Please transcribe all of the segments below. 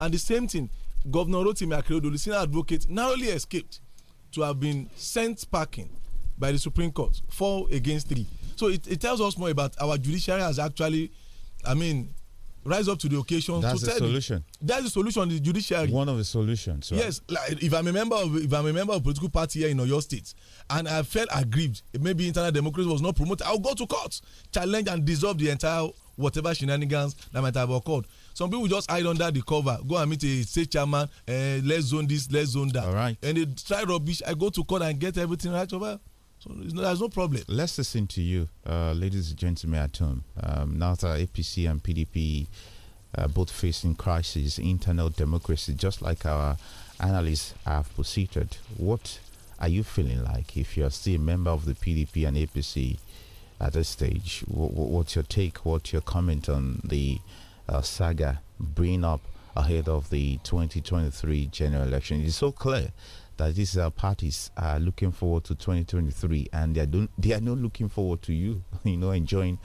And the same thing, Governor Rotimi Akeredolu, the senior advocate, narrowly escaped to have been sent packing by the Supreme Court, four against three. So it, it tells us more about our judiciary has actually, I mean, rise up to the occasion. That's the solution. You, that's the solution. The judiciary. One of the solutions. Right? Yes, like if I'm a member of if I'm a member of political party here in your State, and I felt aggrieved, maybe internal democracy was not promoted, I'll go to court, challenge and dissolve the entire whatever shenanigans that might have occurred. Some people just hide under the cover, go and meet a state chairman, uh, let's zone this, let's zone that. All right. And they try rubbish. I go to court and get everything right over. So no, there's no problem. Let's listen to you, uh, ladies and gentlemen at home. Um, now that APC and PDP uh, both facing crisis, internal democracy, just like our analysts have posited, what are you feeling like if you're still a member of the PDP and APC? at this stage. what's your take? What's your comment on the uh, saga bringing up ahead of the 2023 general election? It's so clear that these uh, parties are looking forward to 2023 and they are, do- they are not looking forward to you, you know, enjoying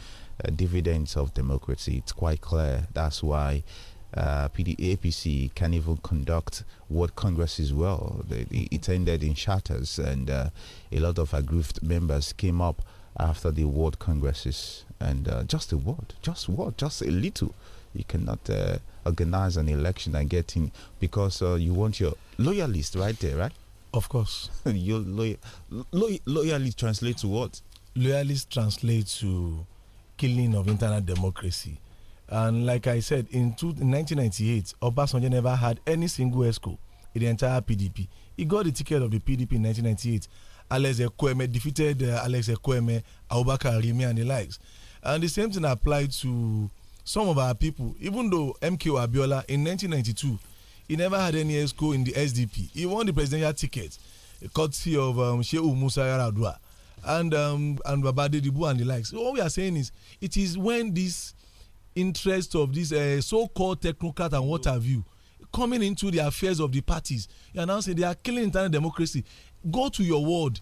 uh, dividends of democracy. It's quite clear. That's why uh, APC can even conduct what Congress is well. It, it ended in shatters, and uh, a lot of aggrieved members came up after the world congresses and uh, just a word, just what, just a little. You cannot uh, organize an election and get in because uh, you want your loyalist right there, right? Of course. your lo loyalist translates to what? Loyalist translates to killing of internal democracy. And like I said, in, two, in 1998, Obasanjo never had any single ESCO in the entire PDP. He got the ticket of the PDP in 1998 Alex Ekweme defeated uh, Alex Ekweme, Abubakar Rimi, and the likes. And the same thing applied to some of our people. Even though MK Abiola in 1992, he never had any ESCO in the SDP. He won the presidential ticket, courtesy of um, Shehu Musa Yaradua and um, and Babade Dibu and the likes. So what we are saying is, it is when this interest of this uh, so-called technocrat and what have you coming into the affairs of the parties, you are now saying they are killing internal democracy. Go to your ward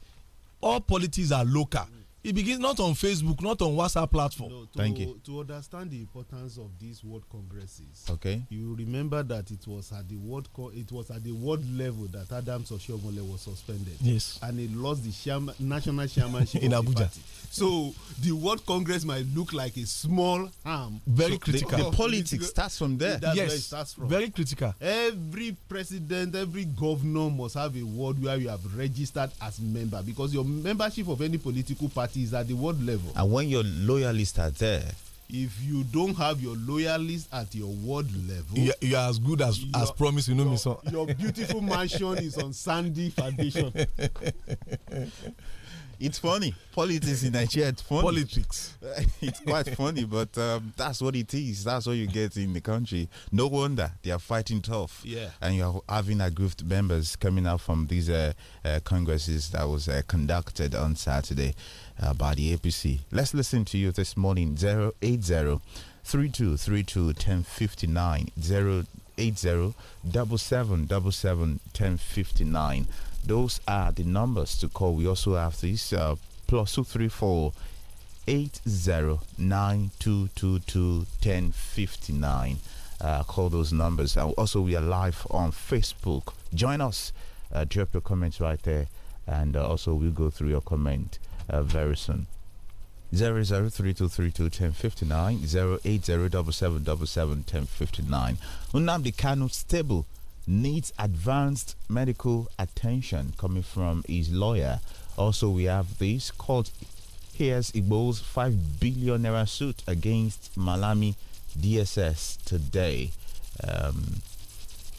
all politics are local it begins not on facebook not on whatsapp platform. No, to, thank you to understand the importance of these world congresses. okay you remember that it was at the world it was at the world level that adams oshiomhole was suspended. yes and he lost the national chairmanship in abuja so the world congress might look like a small arm. very so critical the, the, politics starts from there. That's yes starts from. very critical. every president every governor must have a word where you have registered as member because your membership of any political party that is at the world level. And when your loyalists are there, if you don't have your loyalists at your world level, you, you, are as good as your, as promised. You know your, me, sir. your beautiful mansion is on sandy foundation. it's funny politics in Nigeria. It's funny. Politics. it's quite funny, but um, that's what it is. That's what you get in the country. No wonder they are fighting tough. Yeah. And you are having aggrieved members coming out from these uh, uh, congresses that was uh, conducted on Saturday uh, by the APC. Let's listen to you this morning 080 3232 1059 080 1059. Those are the numbers to call. We also have this uh, plus 234 1059. Uh, call those numbers. And also, we are live on Facebook. Join us. Uh, drop your comments right there. And uh, also, we'll go through your comment uh, very soon. 003232159 08077771059 Kanu stable needs advanced medical attention coming from his lawyer. Also, we have this court hears Igbo's 5 billion naira suit against Malami DSS today. Um,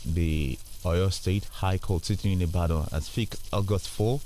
the Oyo State High Court sitting in Ibadan as fixed August 4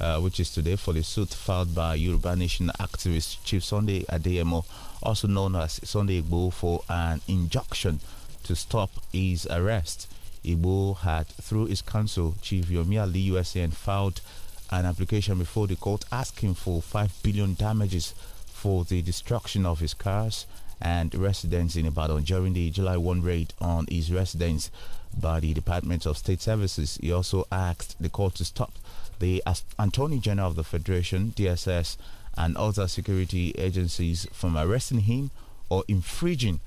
uh, which is today, for the suit filed by Yoruba Nation activist Chief Sunday Adeyemo, also known as Sunday Igbo, for an injunction to stop his arrest. Igbo had, through his counsel, Chief Yomi Ali USN, filed an application before the court asking for 5 billion damages for the destruction of his cars and residence in Ibadan during the July 1 raid on his residence by the Department of State Services. He also asked the court to stop the Attorney General of the Federation, DSS, and other security agencies from arresting him or infringing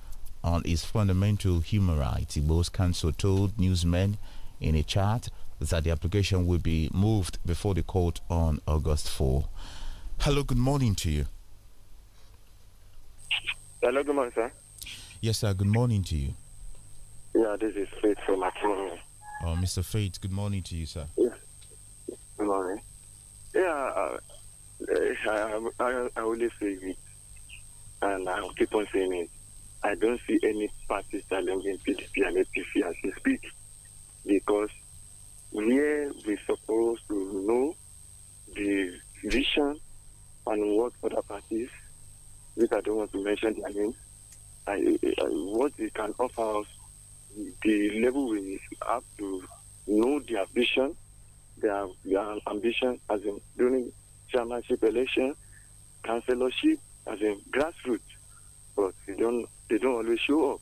on his fundamental human rights. Igbo's counsel told newsmen in a chat that the application will be moved before the court on August 4. Hello, good morning to you. Hello, good morning, sir. Yes, sir, good morning to you. Yeah, this is Faith from Matrimony. Oh, Mr. Faith, good morning to you, sir. Yes, yeah, uh, I, I, I only say it, and I'll keep on saying it. I don't see any party challenging PDP and APC as we speak, because where we're supposed to know the vision and what other parties, which I don't want to mention their names, I, I, what they can offer us, the level we have to know their vision their, their ambition as in during chairmanship election, councillorship, as in grassroots. But they don't they don't always show up.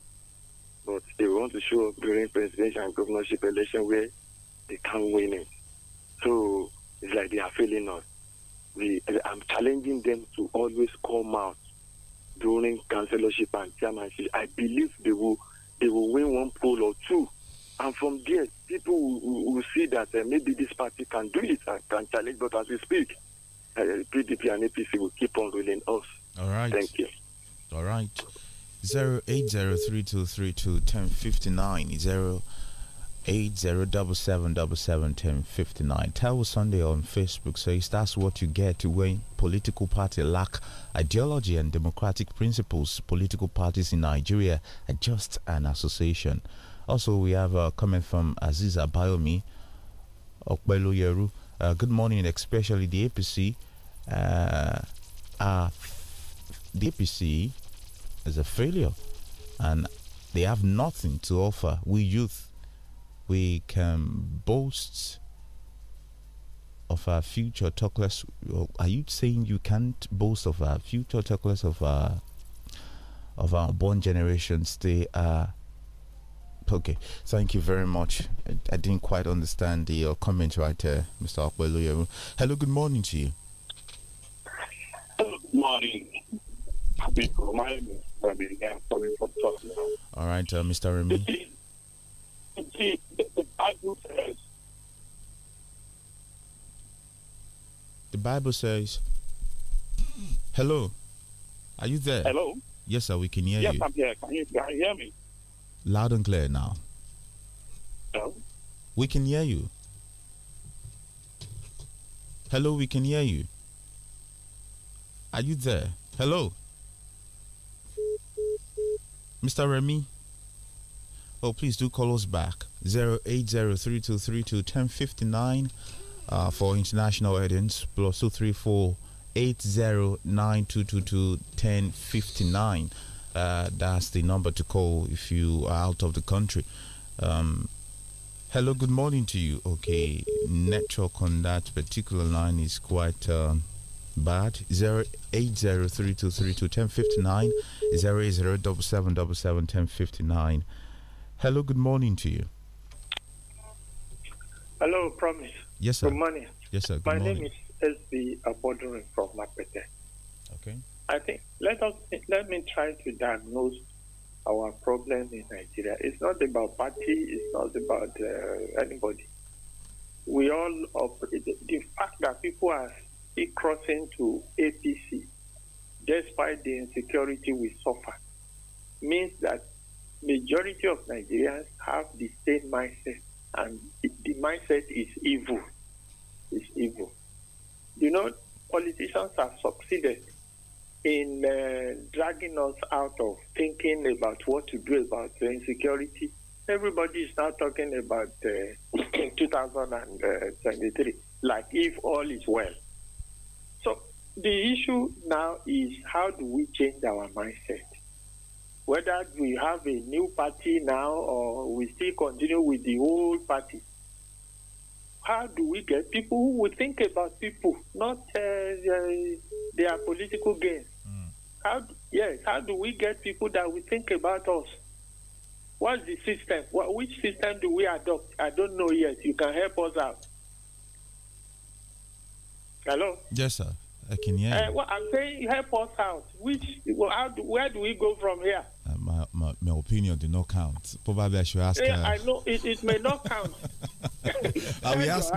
But they want to show up during presidential and governorship election where they can't win it. So it's like they are failing us. We, I'm challenging them to always come out during councillorship and chairmanship. I believe they will they will win one poll or two. And from there people who, who see that uh, maybe this party can do it and can challenge, but as we speak, uh, PDP and APC will keep on ruling us. All right. Thank you. All nine zero eight zero double seven double seven ten fifty nine. 08032321059 08077771059 Tell Sunday on Facebook says that's what you get when political party lack ideology and democratic principles. Political parties in Nigeria are just an association. Also, we have a uh, comment from Aziza Bayomi Okbeloyeru. Uh, good morning, especially the APC. Uh, uh, the APC is a failure and they have nothing to offer. We youth, we can boast of our future, Talkless, Are you saying you can't boast of our future, Talkless of our of our born generations? They are Okay, thank you very much. I, I didn't quite understand the uh, comment right there, Mr. Akweluyewu. Hello, good morning to you. Good morning. All right, uh, Mr. Remy. the Bible says. The Bible says. Hello, are you there? Hello. Yes, sir. We can hear yes, you. Yes, I'm here. Can you, can you hear me? Loud and clear now. Hello? We can hear you. Hello, we can hear you. Are you there? Hello? Mr. Remy? Oh, please do call us back. 08032321059 uh, for international audience, plus 234 8092221059. Uh, that's the number to call if you are out of the country. Um, hello, good morning to you. Okay, network on that particular line is quite uh, bad. 08032321059, Hello, good morning to you. Hello, Promise. Yes, sir. Good morning. Yes, sir. Good My morning. name is SB Abodrin from Lapete. Okay. I think let us let me try to diagnose our problem in Nigeria. It's not about party. It's not about uh, anybody. We all operate. The fact that people are crossing to APC, despite the insecurity we suffer, means that majority of Nigerians have the same mindset, and the mindset is evil. Is evil. You know, politicians have succeeded in uh, dragging us out of thinking about what to do about insecurity. Everybody is now talking about uh, 2023, like if all is well. So the issue now is how do we change our mindset? Whether we have a new party now or we still continue with the old party. How do we get people who will think about people, not uh, their, their political gains? How, yes, how do we get people that will think about us? What's the system? What, which system do we adopt? I don't know yet. You can help us out. Hello? Yes, sir. I can hear uh, well, I'm saying help us out. Which, how do, where do we go from here? Uh, my, my, my, opinion do not count. Probably I should ask yeah, I know it, it may not count. I will ask,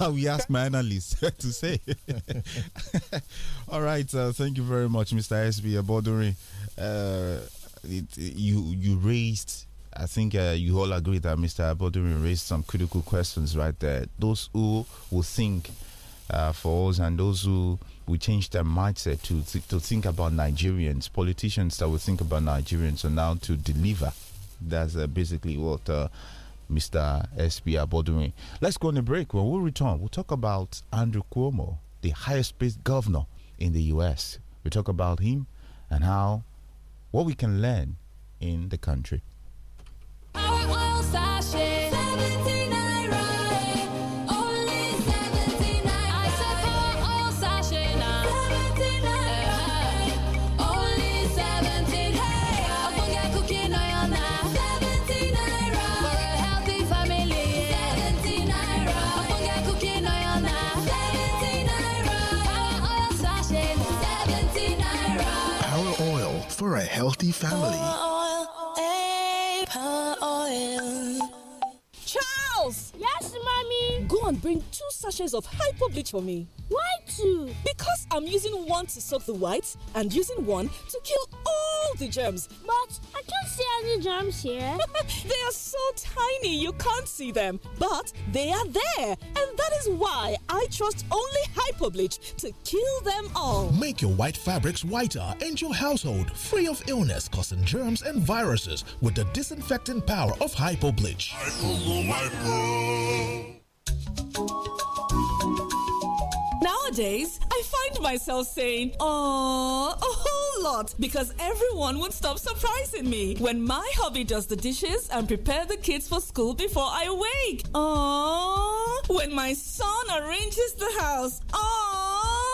ask my analyst to say. All right. Uh, thank you very much, Mr. SB Abodori. Uh, it, you, you raised I think uh, you all agree that Mr. Abodumi raised some critical questions right there. Those who will think uh, for us and those who we change their mindset to th to think about Nigerians. Politicians that will think about Nigerians so now to deliver. That's uh, basically what uh, Mr. S.B. doing. Let's go on a break. When we return, we'll talk about Andrew Cuomo, the highest paid governor in the U.S. We talk about him and how what we can learn in the country. for a healthy family. Oil, oil, Charles! Yes, mommy? Go and bring two sachets of hypo bleach for me. Why two? Because I'm using one to soak the whites and using one to kill all all the germs. But I can't see any germs here. they are so tiny you can't see them, but they are there. And that is why I trust only Hypobleach to kill them all. Make your white fabrics whiter and your household free of illness causing germs and viruses with the disinfecting power of Hypobleach. Hypo, hypo. Nowadays, I find myself saying, "Aww," a whole lot because everyone would stop surprising me when my hubby does the dishes and prepare the kids for school before I wake. Aww, when my son arranges the house. Aww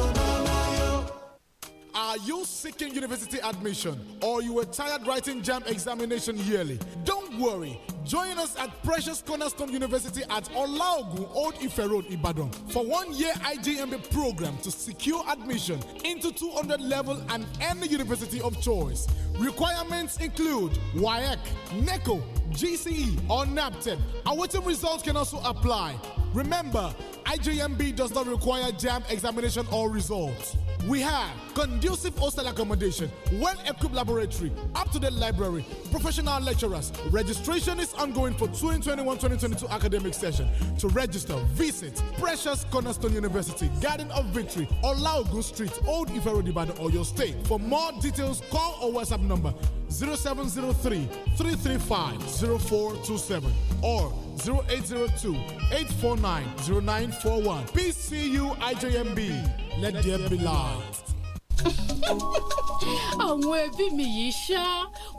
Are you seeking university admission or you were tired writing jam examination yearly? Don't worry. Join us at Precious Cornerstone University at Olaogun Old Ife Road, Ibadan for one-year IGMB program to secure admission into 200 level and any university of choice. Requirements include WAEC, NECO, GCE, or NAPTEP. Awaiting results can also apply. Remember, IJMB does not require JAM examination or results. We have conducive hostel accommodation, well equipped laboratory, up to date library, professional lecturers. Registration is ongoing for 2021 2022 academic session. To register, visit Precious Cornerstone University, Garden of Victory, or Laogun Street, Old Ifero Ibadan, or your state. For more details, call or WhatsApp number 0703 335 0427 or 0802 849 0941. PCU IJMB. Let there be light. àwọn ẹbí mi yìí ṣá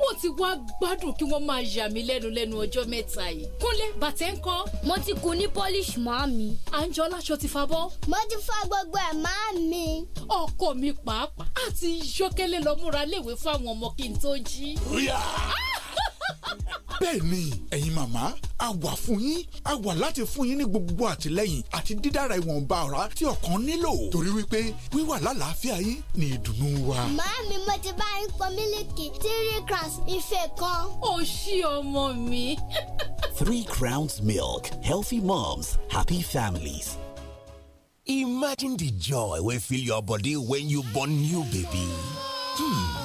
wọn ti wá gbádùn kí wọn máa yà mí lẹ́nu lẹ́nu ọjọ́ mẹ́ta yìí. kúnlẹ̀ bàtẹ́ ń kọ́. mo ti kun ní polish máa mi. àǹjọ láṣọ ti fa bọ́. mo ti fa gbogbo ẹ̀ máa mi. ọkọ mi pàápàá àti yọkẹlẹ lọ múra léwe fáwọn ọmọ kí n tó jí. ríà bẹ́ẹ̀ni ẹ̀yin màmá a wà fún yín a wà láti fún yín ní gbogbo àtìlẹ́yìn àti dídára ìwọ̀nba ọ̀rá tí ọkàn nílò torí wípé wíwà lálàáfíà yín ni ìdùnnú wa. mi mo ti bá yín pọn mílìkì three crowns ife kan. ó ṣí ọmọ mi. three crowns milk healthy moms happy families. imagine the joy wey fill your body when you born new baby. Hmm.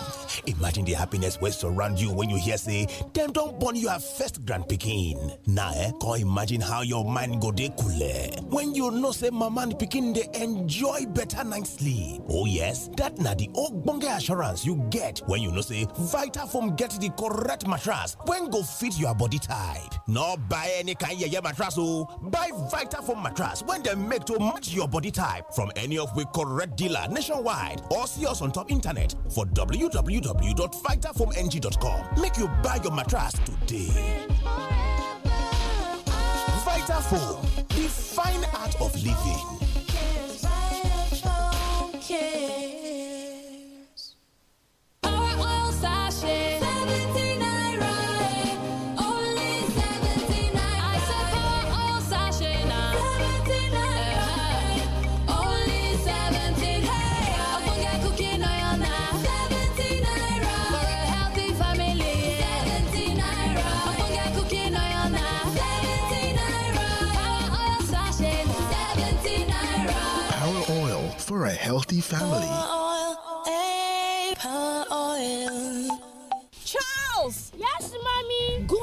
Imagine the happiness wey surround you when you hear say dem don born your first grand picking." Now, eh, come imagine how your mind go de coole when you know say mama and picking dey enjoy better night sleep. Oh yes, that na the ogbonge assurance you get when you know say Vitafoam get the correct mattress when go fit your body type. No buy any kind your mattress oh? buy Vitafoam mattress when they make to match your body type from any of we correct dealer nationwide or see us on top internet for www www.vitafoamng.com. Make you buy your mattress today. Vitafoam, the fine art of living. healthy family. Oh,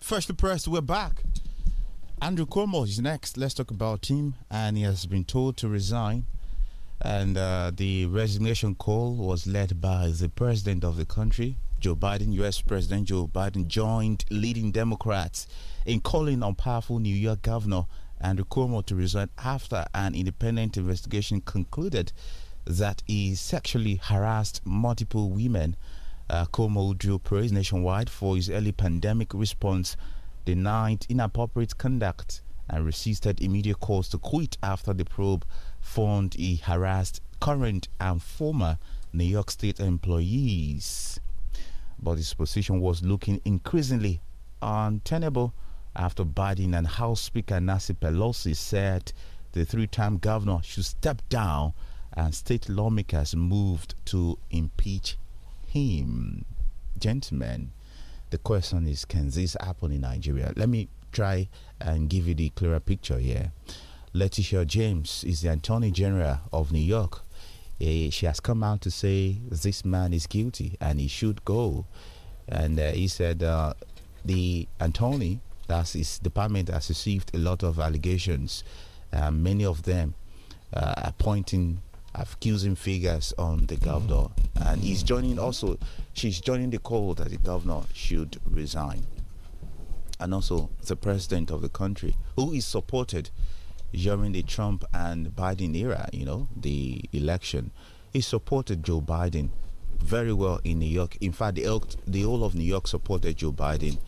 Freshly pressed, we're back. Andrew Cuomo is next. Let's talk about him. And he has been told to resign. And uh, the resignation call was led by the president of the country, Joe Biden. U.S. President Joe Biden joined leading Democrats in calling on powerful New York Governor Andrew Cuomo to resign after an independent investigation concluded that he sexually harassed multiple women uh, Komo drew praise nationwide for his early pandemic response, denied inappropriate conduct, and resisted immediate calls to quit after the probe found he harassed current and former New York State employees. But his position was looking increasingly untenable after Biden and House Speaker Nancy Pelosi said the three time governor should step down and state lawmakers moved to impeach him. Gentlemen, the question is can this happen in Nigeria? Let me try and give you the clearer picture here. Letitia James is the Attorney General of New York. Uh, she has come out to say this man is guilty and he should go. And uh, he said uh, the attorney, that's his department, has received a lot of allegations, many of them uh, pointing accusing figures on the governor, and he's joining also. She's joining the call that the governor should resign, and also the president of the country, who is supported during the Trump and Biden era. You know, the election, he supported Joe Biden very well in New York. In fact, the, the whole of New York supported Joe Biden,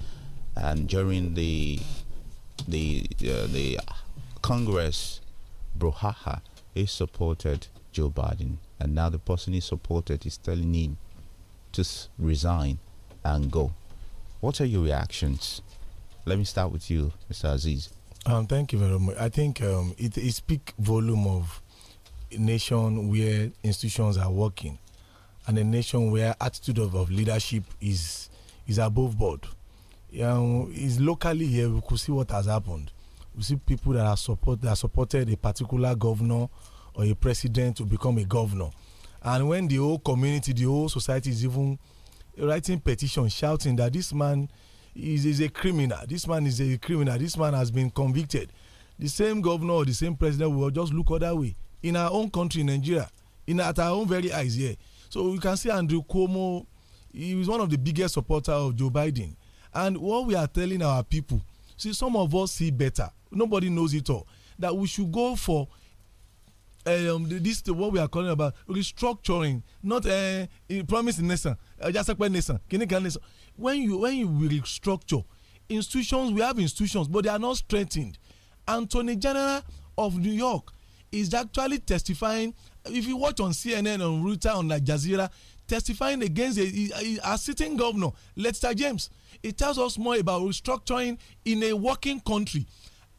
and during the the uh, the Congress brouhaha, he supported Joe Biden. And now the person he supported is telling him to resign and go. What are your reactions? Let me start with you, Mr. Aziz. Um, thank you very much. I think um, it, it speaks volume of a nation where institutions are working and a nation where attitude of, of leadership is is above board. Um, is locally here we could see what has happened. We see people that are support that supported a particular governor or a president to become a governor. And when the whole community, the whole society is even writing petitions, shouting that this man is, is a criminal, this man is a criminal, this man has been convicted, the same governor or the same president will just look other way. In our own country, Nigeria, in at our own very eyes here. So you can see Andrew Cuomo, he was one of the biggest supporter of Joe Biden. And what we are telling our people, see, some of us see better. Nobody knows it all. That we should go for Eh, um, this is what we are calling about restructuring not uh, promise nation jasepe nation you nation when you when you restructure institutions we have institutions but they are not strengthened attorney general of new york is actually testifying if you watch on cnn on reuters on al jazeera testifying against a, sitting governor lester james it tells us more about restructuring in a working country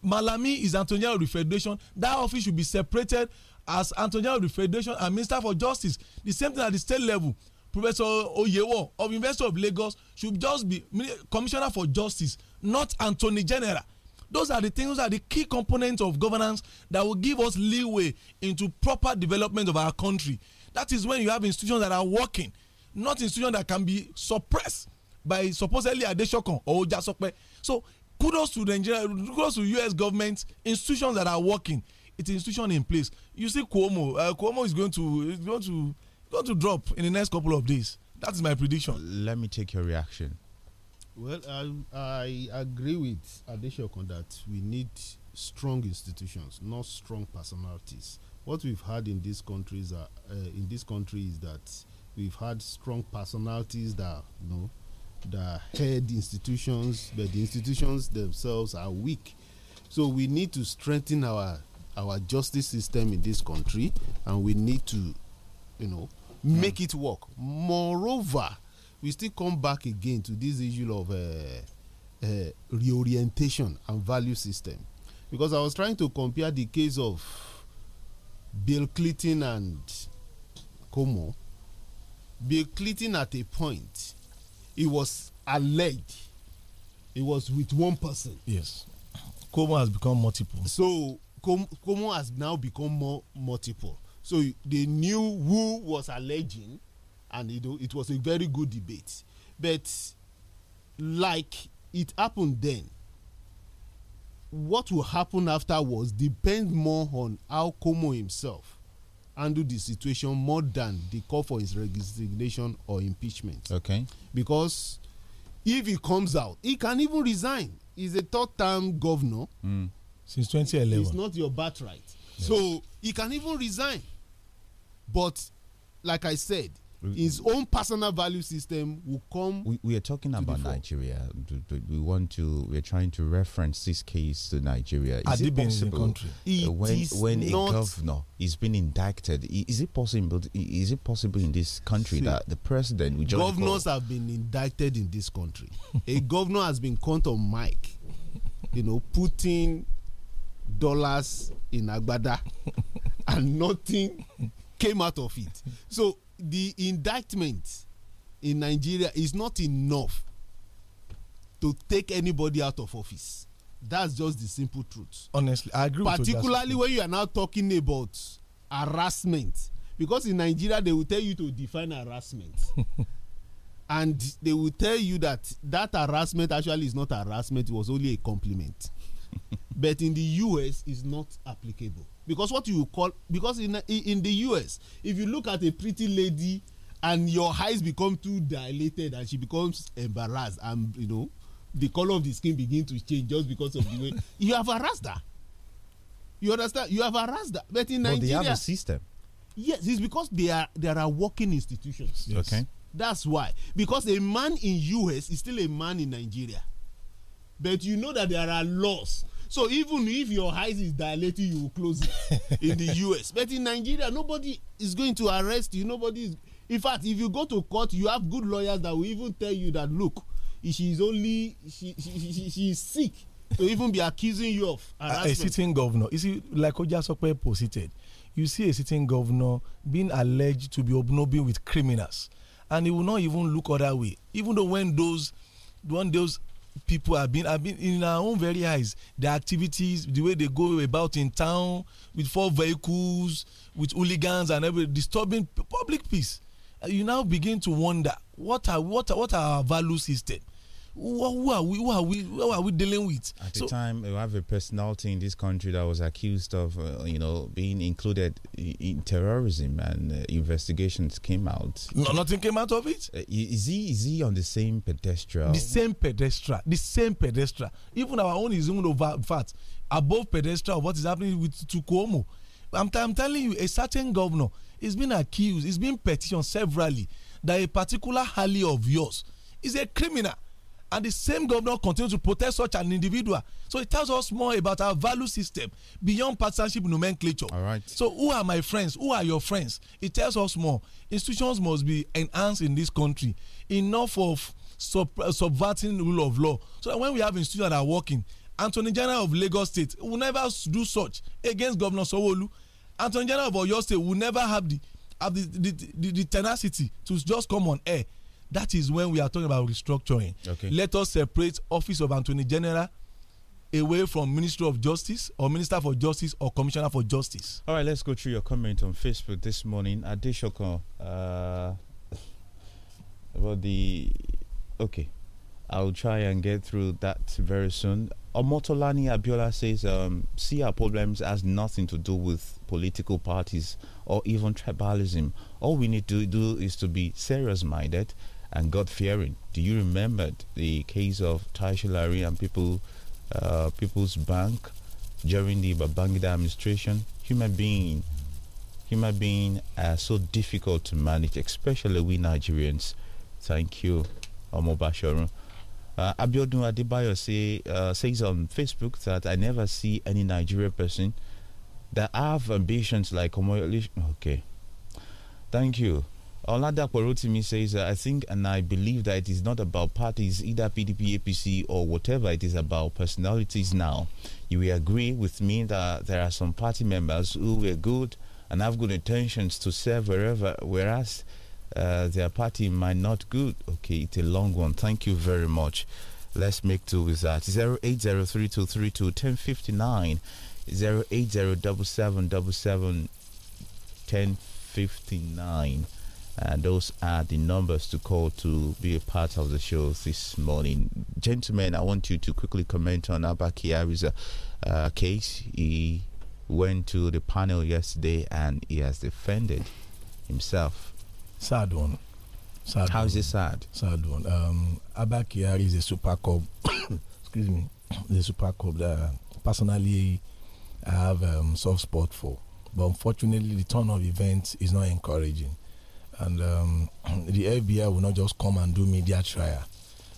malami is Antonio of the federation that office should be separated as antonio of the federation and minister for justice the same thing at the state level professor oyewo of university of lagos should just be commissioner for justice not attorney general those are the things those are the key components of governance that will give us leeway into proper development of our country that is when you have institutions that are working not institutions that can be suppressed by supposedly adesokan or ojasope so kudos to nigeria kudos to us government institutions that are working it's institution in place. You see Cuomo, uh, Cuomo is going to going to going to drop in the next couple of days. That is my prediction. Let me take your reaction. Well, I, I agree with Adeshokon that we need strong institutions, not strong personalities. What we've had in these countries are, uh, in this country is that we've had strong personalities that you know that head institutions, but the institutions themselves are weak. So we need to strengthen our our justice system in this country and we need to you know make mm. it work moreover we still come back again to this issue of uh, uh, reorientation and value system because i was trying to compare the case of bill clinton and como bill clinton at a point he was alleged he was with one person yes como has become multiple so Como has now become more multiple. So they knew who was alleging, and it, it was a very good debate. But like it happened then, what will happen afterwards depends more on how Como himself handled the situation more than the call for his resignation or impeachment. Okay. Because if he comes out, he can even resign. He's a third term governor. Mm since 2011. It's not your birthright. Yes. So he can even resign. But like I said, his own personal value system will come. We, we are talking about Nigeria. We want to. We are trying to reference this case to Nigeria. Is it possible uh, When when a governor is being indicted? Is it possible? Is it possible in this country See, that the president? We governors call, have been indicted in this country. a governor has been caught on mic, you know, putting dollars in agbada and nothing came out of it so the indictment in nigeria is not enough to take anybody out of office that's just the simple truth. honestly i agree particularly when you are now talking about harassment because in nigeria they will tell you to define harassment and they will tell you that that harassment actually is not harassment it was only a compliment but in the US is not applicable because what you call because in in the US if you look at a pretty lady and your eyes become too dilated and she becomes embarrassed and you know the color of the skin begin to change just because of the way you have harassed her. You understand? You have harassed her. But in but Nigeria, they have a system. Yes, it's because they are there are working institutions. Yes. Okay. That's why. Because a man in US is still a man in Nigeria but you know that there are laws so even if your eyes is dilated you will close it in the us but in nigeria nobody is going to arrest you nobody is in fact if you go to court you have good lawyers that will even tell you that look she is only she she she, she is sick to even be accusing you of harassment. a sitting governor Is it like ojasope posited you see a sitting governor being alleged to be obnobbing with criminals and he will not even look other way even though when those when those people have been have been in our own very eyes the activities the way they go about in town with four vehicles with hooligans and every disturbing public peace you now begin to wonder what are what are, what are our value system who are we who are we who are we dealing with at so, the time we have a personality in this country that was accused of uh, you know being included in terrorism and uh, investigations came out no, nothing came out of it. Uh, is he is he on the same pedestal the same pedestal the same pedestal even our own is even over fat above pedestal what is happening with Tukomo I'm, I'm telling you a certain governor is being accused is being petitioned severally that a particular alley of yours is a criminal and the same governor continues to protect such an individual so it tells us more about our value system beyond partnership nomenclature all right so who are my friends who are your friends it tells us more institutions must be enhanced in this country enough of sub uh, subverting rule of law so when we have institutions that are working anthony general of lagos state will never do such against governor sowolu anthony general of oyo state will never have the have the the, the, the tenacity to just come on air that is when we are talking about restructuring. Okay. Let us separate Office of Attorney General away from Minister of Justice or Minister for Justice or Commissioner for Justice. All right, let's go through your comment on Facebook this morning. Adeshoko, uh, about the. Okay, I'll try and get through that very soon. Omotolani Abiola says, um, see our problems has nothing to do with political parties or even tribalism. All we need to do is to be serious minded and God fearing. Do you remember the case of Taisha Larry and people, uh, People's Bank during the Babangida administration? Human being, human being are so difficult to manage, especially we Nigerians. Thank you, Omobashorun. Uh, Abiodun Adebayo say, uh, says on Facebook that I never see any Nigerian person that have ambitions like Omoyolish. Okay. Thank you. Oladapo Rotimi says, I think and I believe that it is not about parties, either PDP, APC, or whatever. It is about personalities now. You will agree with me that there are some party members who were good and have good intentions to serve wherever, whereas uh, their party might not good. Okay, it's a long one. Thank you very much. Let's make two with that. 0803232 1059 1059 uh, those are the numbers to call to be a part of the show this morning. Gentlemen, I want you to quickly comment on Abba uh, case. He went to the panel yesterday and he has defended himself. Sad one. Sad How one. is it sad? Sad one. Um, is a super cop. excuse me. The super cop that personally I have um, soft spot for. But unfortunately, the turn of events is not encouraging. And um, the FBI will not just come and do media trial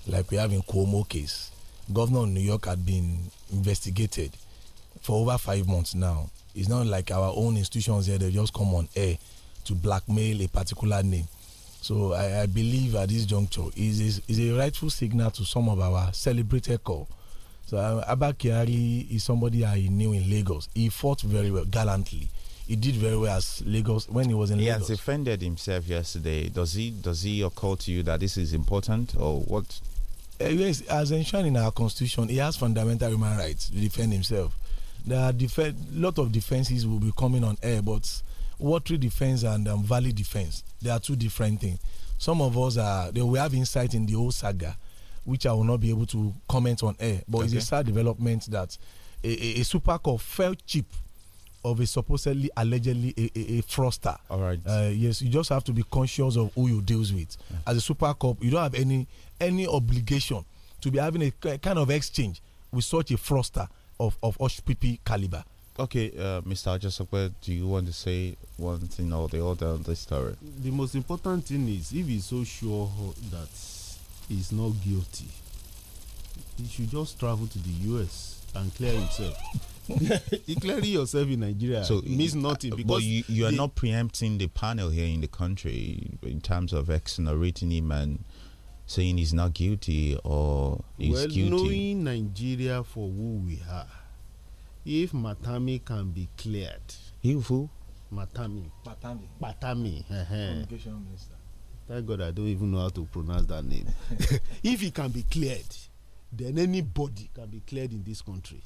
like we have in Cuomo case. Governor of New York had been investigated for over five months now. It's not like our own institutions here, they just come on air to blackmail a particular name. So I, I believe at this juncture is a, is a rightful signal to some of our celebrated call. So um, Abba Kyari is somebody I knew in Lagos. He fought very well, gallantly he did very well as Lagos when he was in he Lagos. He has defended himself yesterday. Does he does he occur to you that this is important or what? Uh, yes, as enshrined in our constitution, he has fundamental human rights to defend himself. There are a lot of defenses will be coming on air, but watery defense and um, valley defense they are two different things. Some of us are they will have insight in the whole saga, which I will not be able to comment on air. But okay. it's a sad development that a, a, a super core felt cheap of a supposedly allegedly a, a, a fraudster. All right. Uh, yes, you just have to be conscious of who you deals with. Yeah. As a super cop, you don't have any any obligation to be having a kind of exchange with such a fraudster of of HPP caliber. Okay, uh, Mr. Ajasokwe, do you want to say one thing or the other on this story? The most important thing is if he's so sure that he's not guilty, he should just travel to the US and clear himself declaring yourself in Nigeria so means uh, nothing because but you, you are not preempting the panel here in the country in terms of exonerating him and saying he's not guilty or he's well, guilty. knowing Nigeria for who we are, if Matami can be cleared, if who? Matami. Matami. Matami. Communication minister. Thank God I don't even know how to pronounce that name. if he can be cleared, then anybody can be cleared in this country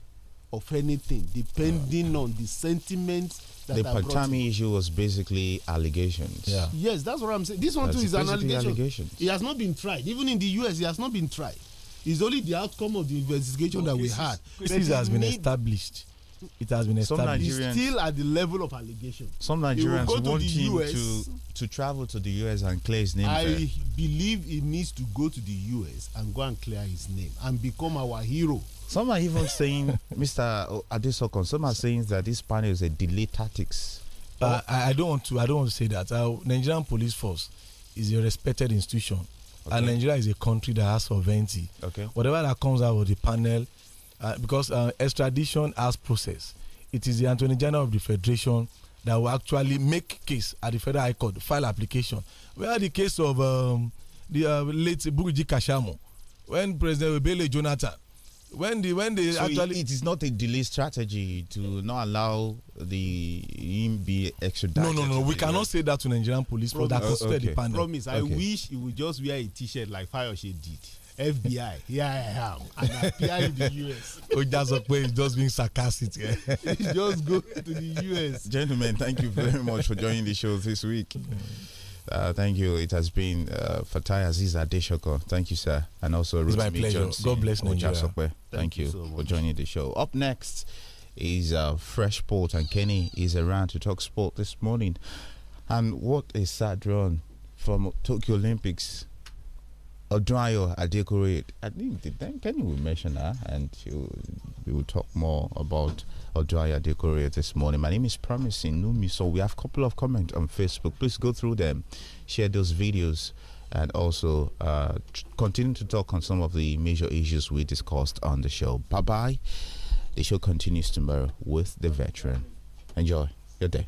of anything depending on the sentiment the Pantami issue was basically allegations. Yeah. Yes, that's what I'm saying. This one that's too is an allegation. Allegations. He has not been tried. Even in the US, he has not been tried. It's only the outcome of the investigation no, that we had. This has been established. It has been established. Nigerians, still at the level of allegation. Some Nigerians want to him US, to, to travel to the US and clear his name. I there. believe he needs to go to the US and go and clear his name and become our hero. Some are even saying, Mr. Adesokon, some are saying that this panel is a delay tactics. Uh, I, I, don't want to. I don't want to say that. Uh, Nigerian police force is a respected institution, okay. and Nigeria is a country that has sovereignty. Okay. Whatever that comes out of the panel uh, because uh, extradition has process. It is the Attorney General of the Federation that will actually make case at the Federal High Court, file application. Where the case of um, the uh, late Buruji Kashamo, when President Obele Jonathan, when the when they so actually it, it is not a delay strategy to not allow the him be extradited. No, no, no. We cannot right? say that to Nigerian police, Promise. that could okay. the panel. Promise. I wish he would just wear a T-shirt like Fayose did. FBI, here I am. And appear in the US. Oh, that's a just being sarcastic. Yeah. just go to the US. Gentlemen, thank you very much for joining the show this week. Uh, thank you. It has been uh, Fatah Aziz Adeshoko. Thank you, sir. And also It's my pleasure. Johnson. God bless Nigeria. Thank, thank you, you so for joining the show. Up next is uh, Fresh Port, and Kenny is around to talk sport this morning. And what a sad run from Tokyo Olympics Odrayo Adekore. I think then Kenny mention her and we will talk more about Odrayo Adekore this morning. My name is Promising Numi, so we have a couple of comments on Facebook. Please go through them, share those videos, and also uh, continue to talk on some of the major issues we discussed on the show. Bye bye. The show continues tomorrow with the veteran. Enjoy your day.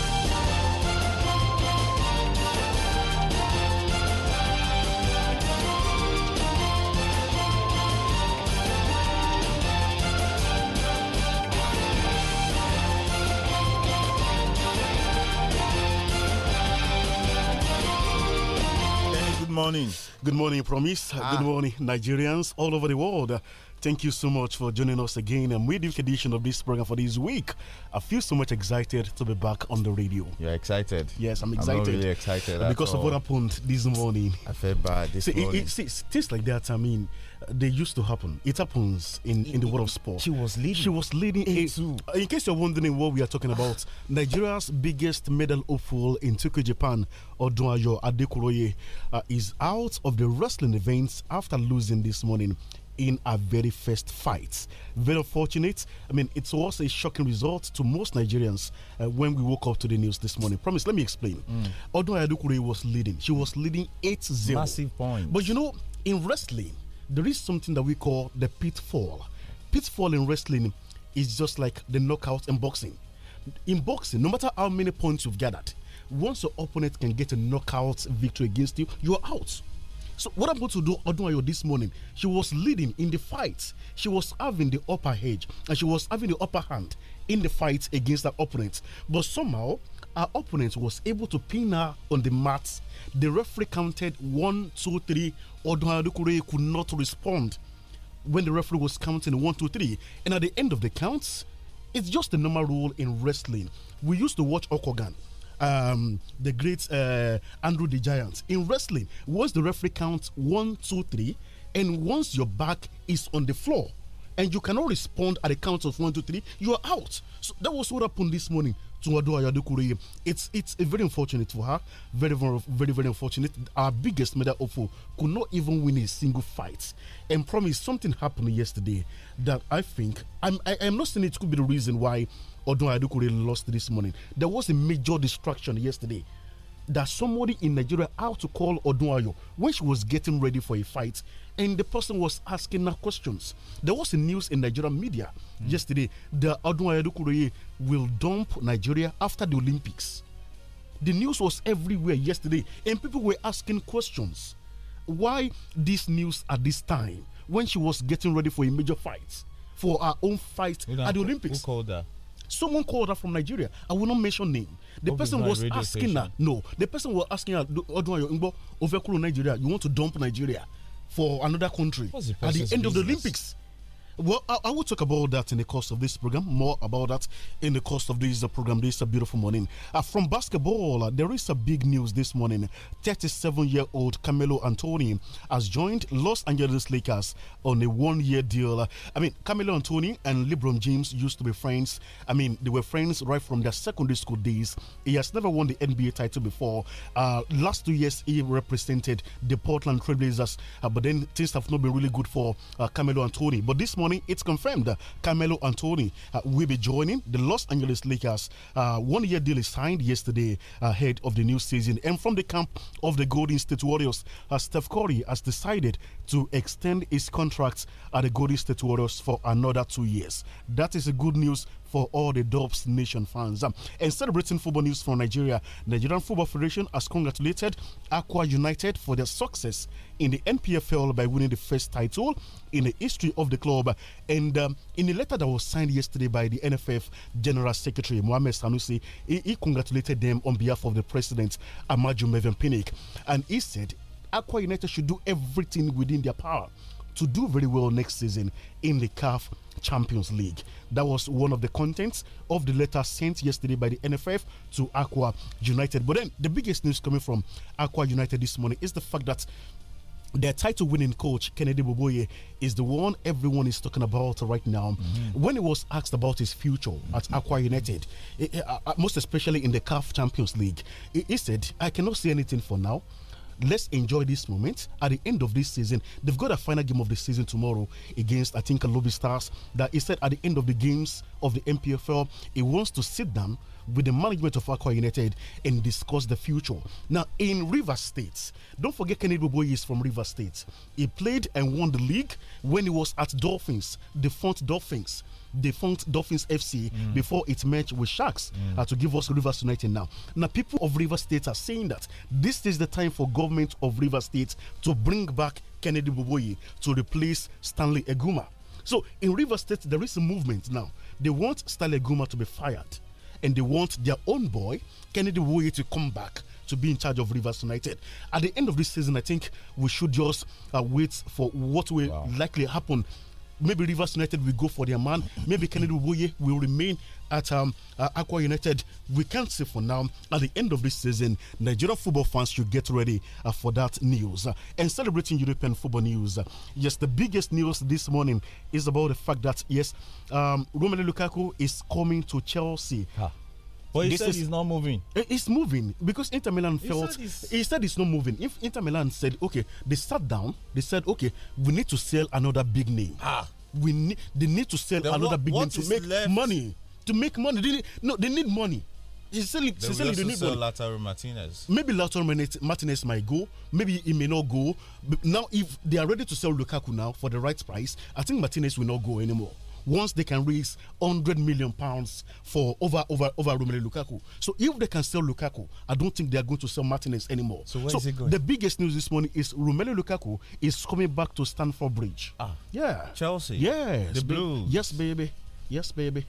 morning. Good morning, Promise. Ah. Good morning, Nigerians all over the world. Thank you so much for joining us again and with the edition of this program for this week. I feel so much excited to be back on the radio. You're excited? Yes, I'm excited. I'm really excited because of all. what happened this morning. I feel bad this see, morning. It, it, see, it's like that. I mean, they used to happen. It happens in, in, in the world of sport. She was leading. She was leading. In, in case you're wondering what we are talking about, Nigeria's biggest medal hopeful in Tokyo, Japan, Odunayo Adekuroye, uh, is out of the wrestling events after losing this morning in her very first fight. Very unfortunate. I mean, it was a shocking result to most Nigerians uh, when we woke up to the news this morning. Promise, let me explain. Mm. Odun was leading. She was leading 8 0. Massive point. But you know, in wrestling, there is something that we call the pitfall. Pitfall in wrestling is just like the knockout in boxing. In boxing, no matter how many points you've gathered, once your opponent can get a knockout victory against you, you are out. So what I'm going to do Odunayo this morning, she was leading in the fight. She was having the upper edge and she was having the upper hand in the fight against her opponent. But somehow her opponent was able to pin her on the mat. The referee counted one, two, three. Odwan Adukure could not respond when the referee was counting one, two, three. And at the end of the counts, it's just the normal rule in wrestling. We used to watch Okogan. Um, the great uh, Andrew the Giant in wrestling. Once the referee counts one, two, three, and once your back is on the floor, and you cannot respond at the count of one, two, three, you are out. So that was what happened this morning. Tunwadu Ayadukuri. It's it's very unfortunate for her. Very very very very unfortunate. Our biggest medal hopeful could not even win a single fight. And promise something happened yesterday that I think I'm I, am i am not saying it could be the reason why Odun Ayadukuri lost this morning. There was a major distraction yesterday that somebody in Nigeria out to call Odunayo when she was getting ready for a fight, and the person was asking her questions. There was a news in Nigerian media mm. yesterday that Odunayo will dump Nigeria after the Olympics. The news was everywhere yesterday, and people were asking questions. Why this news at this time when she was getting ready for a major fight, for her own fight at the Olympics? Who called her? Someone called her from Nigeria. I will not mention name. The Hope person was asking station. her. No, the person was asking her. Over Nigeria, you want to dump Nigeria for another country at the end of the Olympics? Well, I, I, will talk about that in the course of this program. More about that in the course of this uh, program. This is a beautiful morning. Uh, from basketball, uh, there is a big news this morning. 37-year-old Camelo Anthony has joined Los Angeles Lakers on a one-year deal. Uh, I mean, Camelo Anthony and LeBron James used to be friends. I mean, they were friends right from their secondary school days. He has never won the NBA title before. Uh, last two years, he represented the Portland Trailblazers, uh, but then things have not been really good for Camelo Anthony. But this morning, it's confirmed that Carmelo Anthony uh, will be joining the Los Angeles Lakers. Uh, one year deal is signed yesterday ahead of the new season. And from the camp of the Golden State Warriors, uh, Steph Curry has decided to extend his contract at the Golden State Warriors for another two years. That is good news for all the Dubs Nation fans. Um, and celebrating football news from Nigeria, Nigerian Football Federation has congratulated Aqua United for their success in the NPFL by winning the first title in the history of the club. And um, in a letter that was signed yesterday by the NFF General Secretary Mohamed Sanusi, he, he congratulated them on behalf of the president Amaju Pinnick. and he said Aqua United should do everything within their power to do very well next season in the CAF Champions League. That was one of the contents of the letter sent yesterday by the NFF to Aqua United. But then the biggest news coming from Aqua United this morning is the fact that their title winning coach, Kennedy Boboye, is the one everyone is talking about right now. Mm -hmm. When he was asked about his future mm -hmm. at mm-hmm. Aqua United, eh, eh, uh, uh, most especially in the CAF Champions League, he said, I cannot see anything for now let's enjoy this moment at the end of this season. They've got a final game of the season tomorrow against, I think, Lobby Stars. That he said at the end of the games of the MPFL, he wants to sit down with the management of Aqua United and discuss the future. Now, in River State, don't forget Kenny Boboy is from River State. He played and won the league when he was at Dolphins, the Font Dolphins defunct Dolphins FC mm. before it merged with Sharks mm. uh, to give us Rivers United now. Now, people of River State are saying that this is the time for government of River State to bring back Kennedy Boboyi to replace Stanley Eguma. So in River State, there is a movement now. They want Stanley Eguma to be fired and they want their own boy, Kennedy Boboyi, to come back to be in charge of Rivers United. At the end of this season, I think we should just uh, wait for what will wow. likely happen Maybe Rivers United will go for their man. Maybe Kennedy Woye will remain at um, uh, Aqua United. We can't say for now. At the end of this season, Nigerian football fans should get ready uh, for that news. Uh, and celebrating European football news, yes, the biggest news this morning is about the fact that yes, um, Romelu Lukaku is coming to Chelsea. But he this said is, he's not moving. It's eh, moving because Inter Milan felt he said, he said, it's not moving. If Inter Milan said, okay, they sat down, they said, okay, we need to sell another big name. Ah. We need they need to sell they another big name to make left? money. To make money. They need, no, they need money. Sincerely, they sincerely, they need sell money. Lautaro Martinez. Maybe Lautaro Martinez might go. Maybe he may not go. But now, if they are ready to sell Lukaku now for the right price, I think Martinez will not go anymore once they can raise 100 million pounds for over over over Romelu Lukaku. So if they can sell Lukaku, I don't think they are going to sell Martinez anymore. So where so is it going? The biggest news this morning is Romelu Lukaku is coming back to Stanford Bridge. Ah, yeah, Chelsea. Yes, the Blues. Yes, baby. Yes, baby.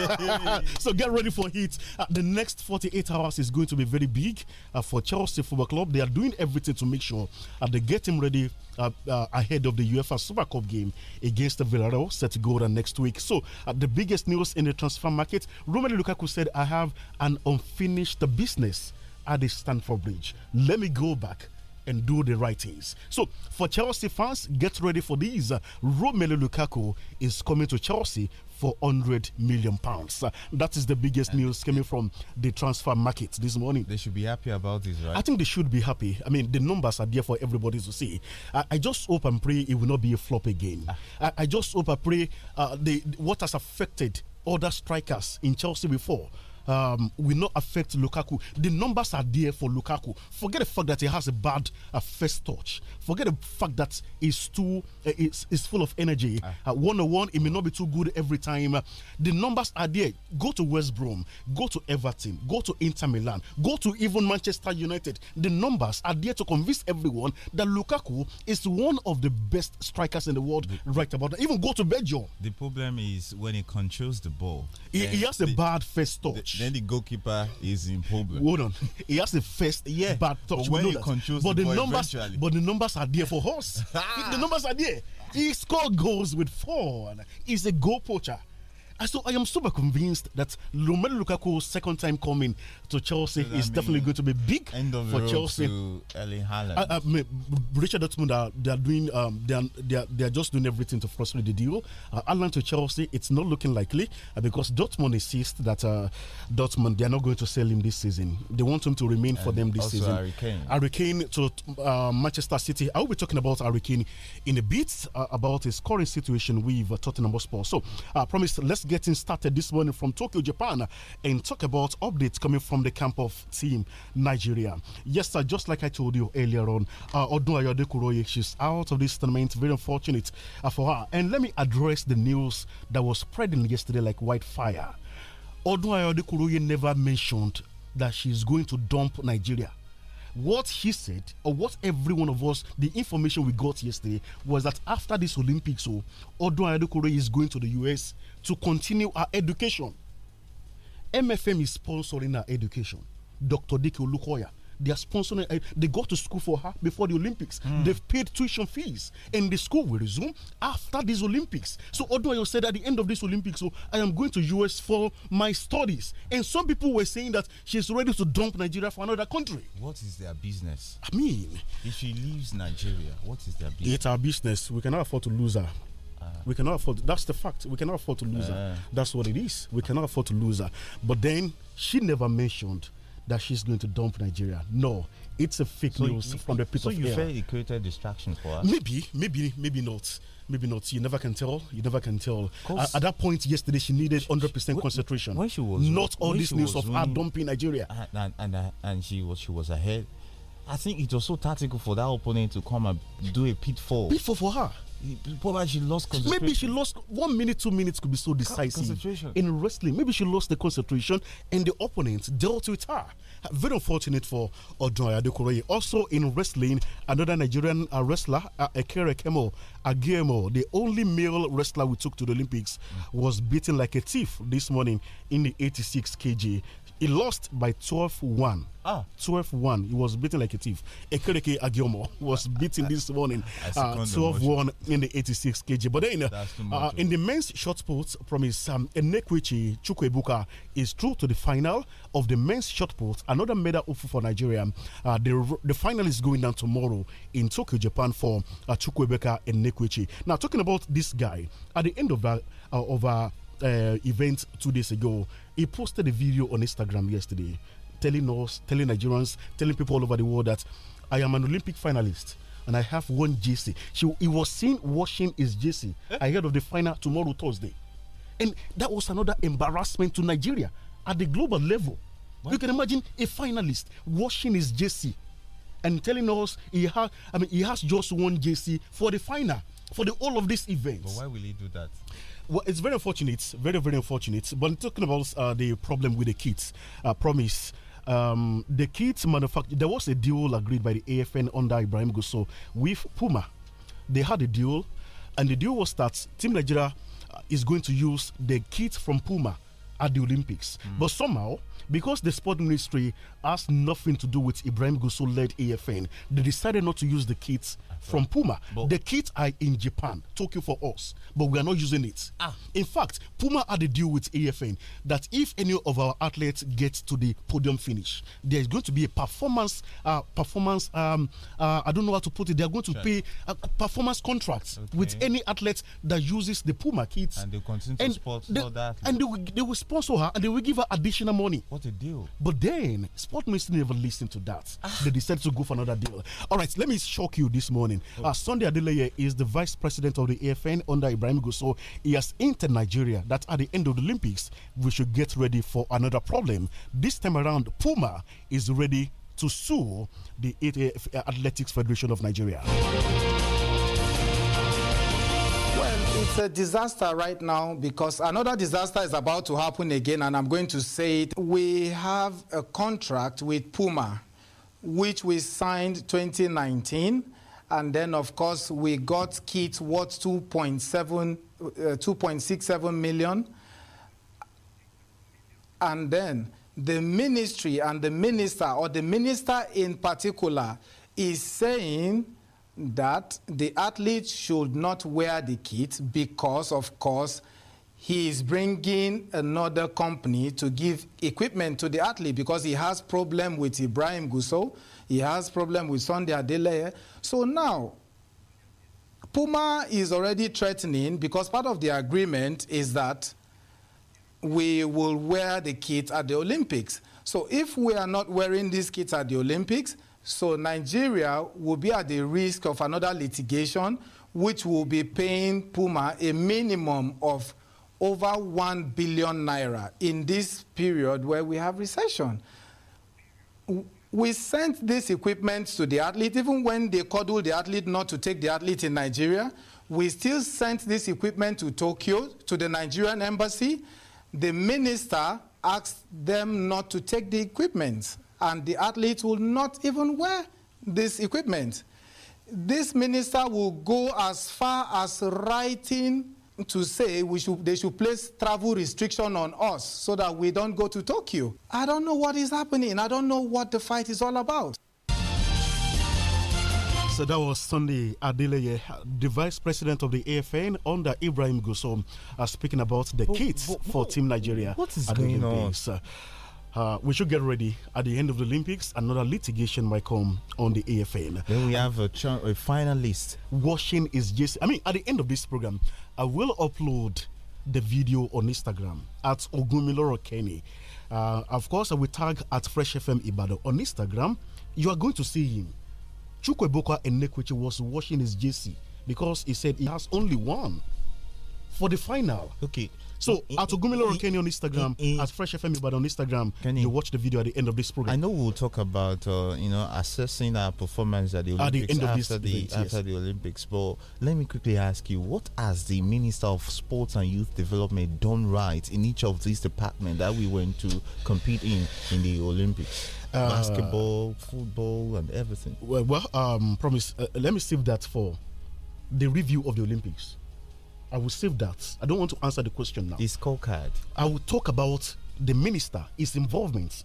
so get ready for it. Uh, the next 48 hours is going to be very big uh, for Chelsea Football Club. They are doing everything to make sure uh, they get him ready uh, uh, ahead of the UEFA Super Cup game against Villarreal set to go on next week. So uh, the biggest news in the transfer market, Romelu Lukaku said, "I have an unfinished business at the Stanford Bridge. Let me go back." and do the right things. So, for Chelsea fans, get ready for these. Romelu Lukaku is coming to Chelsea 400 million pounds. Uh, that is the biggest and news coming from the transfer market this morning. They should be happy about this, right? I think they should be happy. I mean, the numbers are there for everybody to see. I, I just hope and pray it will not be a flop again. Ah. I, I, just hope I pray uh, the what has affected other strikers in Chelsea before um, will not affect Lukaku. The numbers are there for Lukaku. Forget the fact that he has a bad uh, first touch. Forget the fact that he's too uh, he's, he's full of energy. one on one, it may not be too good every time. Uh, the numbers are there. Go to West Brom. Go to Everton. Go to Inter Milan. Go to even Manchester United. The numbers are there to convince everyone that Lukaku is one of the best strikers in the world the, right about that. Even go to Belgium. The problem is when he controls the ball. He, he has the, a bad first touch. The, then the goalkeeper is in problem. Hold on, he has the first yeah. bad touch. But when he controls but the, the numbers, eventually. but the numbers are there for us. the numbers are there. He scored goals with four. He's a goal poacher so I am super convinced that Romelu Lukaku's second time coming to Chelsea is definitely going to be big for Chelsea. To Erling Haaland. I, I mean, Richard Dortmund are they are doing um, they are, they are they are just doing everything to frustrate the deal. Uh, Haaland to Chelsea, it's not looking likely uh, because Dortmund insists that uh, Dortmund they are not going to sell him this season. They want him to remain and for them this season. Harry Kane. Harry Kane to uh, Manchester City. I will be talking about Harry Kane in a bit uh, about his current situation with uh, Tottenham Hotspur. So I uh, promise let's. Get getting started this morning from Tokyo, Japan, and talk about updates coming from the camp of Team Nigeria. Yes, sir, just like I told you earlier on, uh, Odun Ayodekuroye, she's out of this tournament. Very unfortunate uh, for her. And let me address the news that was spreading yesterday like wildfire. Odun Ayodekuroye never mentioned that she's going to dump Nigeria what he said, or what every one of us, the information we got yesterday was that after this Olympics, so oh, Odun Adekore is going to the US to continue her education. MFM is sponsoring her education. Dr. Dike Olukoya They are sponsoring. Eh, they go to school for her before the Olympics. Mm. They've paid tuition fees, and the school will resume after these Olympics. So Odoyo said at the end of this Olympics, so I am going to US for my studies. And some people were saying that she's ready to dump Nigeria for another country. What is their business? I mean, if she leaves Nigeria, what is their business? It's our business. We cannot afford to lose her. Ah. We cannot afford. That's the fact. We cannot afford to lose uh, her. Ah. That's what it is. We cannot afford to lose her. But then she never mentioned that she's going to dump Nigeria. No, it's a fake so news you, from the pit so of So you feel it created distraction for us? Maybe, maybe, maybe not. Maybe not. You never can tell. You never can tell. At, at, that point yesterday, she needed 100% concentration. When she was not all this news of her dumping Nigeria. And and, and uh, and, she was she was ahead. I think it was so tactical for that opponent to come and do a pitfall. Pitfall for her probably she lost concentration. Maybe she lost one minute, two minutes could be so decisive in wrestling. Maybe she lost the concentration and the opponent dealt with her. Very unfortunate for Odoi Adekoroye. Also in wrestling, another Nigerian uh, wrestler, uh, Ekere Kemo Agiemo, the only male wrestler we took to the Olympics, mm. was beaten like a thief this morning in the 86 kg he lost by 12 1. Ah. 12 1. He was beaten like a thief. Ekereke Agiomo was beaten this morning uh, 12 1 in the 86 kg. But then, uh, in the oh. men's shot put from his um, Enekwichi Chukwebuka is through to the final of the men's shot put. Another medal hopeful for Nigeria. Uh, the, the final is going down tomorrow in Tokyo, Japan for uh, Chukwebuka Enekwichi. Now, talking about this guy, at the end of, uh, of uh, uh, event two days ago. He posted a video on Instagram yesterday telling us, telling Nigerians, telling people all over the world that I am an Olympic finalist and I have won JC. She, he was seen washing his JC eh? ahead of the final tomorrow, Thursday. And that was another embarrassment to Nigeria at the global level. What? You can imagine a finalist washing his JC and telling us he has, I mean, he has just won JC for the final, for the all of these events. But why will he do that? well, it's very unfortunate, very very unfortunate. But I'm talking about uh, the problem with the kits, uh, promise. Um, the kits manufacture. There was a deal agreed by the AFN under Ibrahim Gusso with Puma. They had a deal, and the deal was that Team Nigeria uh, is going to use the kit from Puma at the Olympics. Mm. But somehow, because the sport ministry has nothing to do with Ibrahim Gusso led AFN, they decided not to use the kits from Puma. But the kits are in Japan, Tokyo for us, but we are not using it. Ah. In fact, Puma had a deal with AFN that if any of our athletes get to the podium finish, there is going to be a performance, uh, performance. Um, uh, I don't know how to put it. They are going to sure. pay a uh, performance contract okay. with any athlete that uses the Puma kits, and they continue to and sport they, and they will, they will sponsor her and they will give her additional money. What a deal. But then Sport Minister never listened to that. Ah. they decided to go for another deal. All right, let me shock you this morning. Oh. Uh, Sunday Adeleye is the vice president of the AFN under Ibrahim Gusso. He has hinted Nigeria that at the end of the Olympics, we should get ready for another problem. This time around, Puma is ready to sue the Athletics Federation of Nigeria. It's a disaster right now because another disaster is about to happen again, and I'm going to say it. We have a contract with Puma, which we signed 2019, and then, of course, we got kit worth 2.7, uh, 2.67 million. And then the ministry and the minister, or the minister in particular, is saying that the athlete should not wear the kit because, of course, he is bringing another company to give equipment to the athlete because he has problem with Ibrahim Gusso, he has problem with Sunday Adeleye. So now, Puma is already threatening because part of the agreement is that we will wear the kit at the Olympics. So if we are not wearing these kits at the Olympics, so Nigeria will be at the risk of another litigation, which will be paying Puma a minimum of over 1 billion naira in this period where we have recession. We sent this equipment to the athlete, even when they coddled the athlete not to take the athlete in Nigeria. We still sent this equipment to Tokyo, to the Nigerian embassy. The minister asked them not to take the equipment and the athletes will not even wear this equipment. This minister will go as far as writing to say we should, they should place travel restriction on us so that we don't go to Tokyo. I don't know what is happening. I don't know what the fight is all about. So that was Sunday Adeleye, the vice president of the AFN under Ibrahim Gusom, uh, speaking about the kit kits for what, Team Nigeria. What is going on? Uh, we should get ready at the end of the Olympics. Another litigation might come on the AFN. Then we have a, a Washing is just. I mean, at the end of this program, I will upload the video on Instagram at Ogumiloro Kenny. Uh, of course, I will tag at Fresh FM Ibado on Instagram. You are going to see him. Chukweboka Enekwichi was washing his jersey because he said he has only one for the final. Okay, so mm, at mm, Ogumiloro mm, Kenny on Instagram, at Fresh FM but on Instagram, Kenny, you watch the video at the end of this program. I know we'll talk about uh, you know assessing our performance at the Olympics at the after the event, after yes. the Olympics, but let me quickly ask you, what has the Minister of Sports and Youth Development done right in each of these departments that we went to compete in in the Olympics? Uh, Basketball, football, and everything. Well, well um, promise. Uh, let me save that for the review of the Olympics. I will save that. I don't want to answer the question now. His scorecard. I will talk about the minister, his involvement,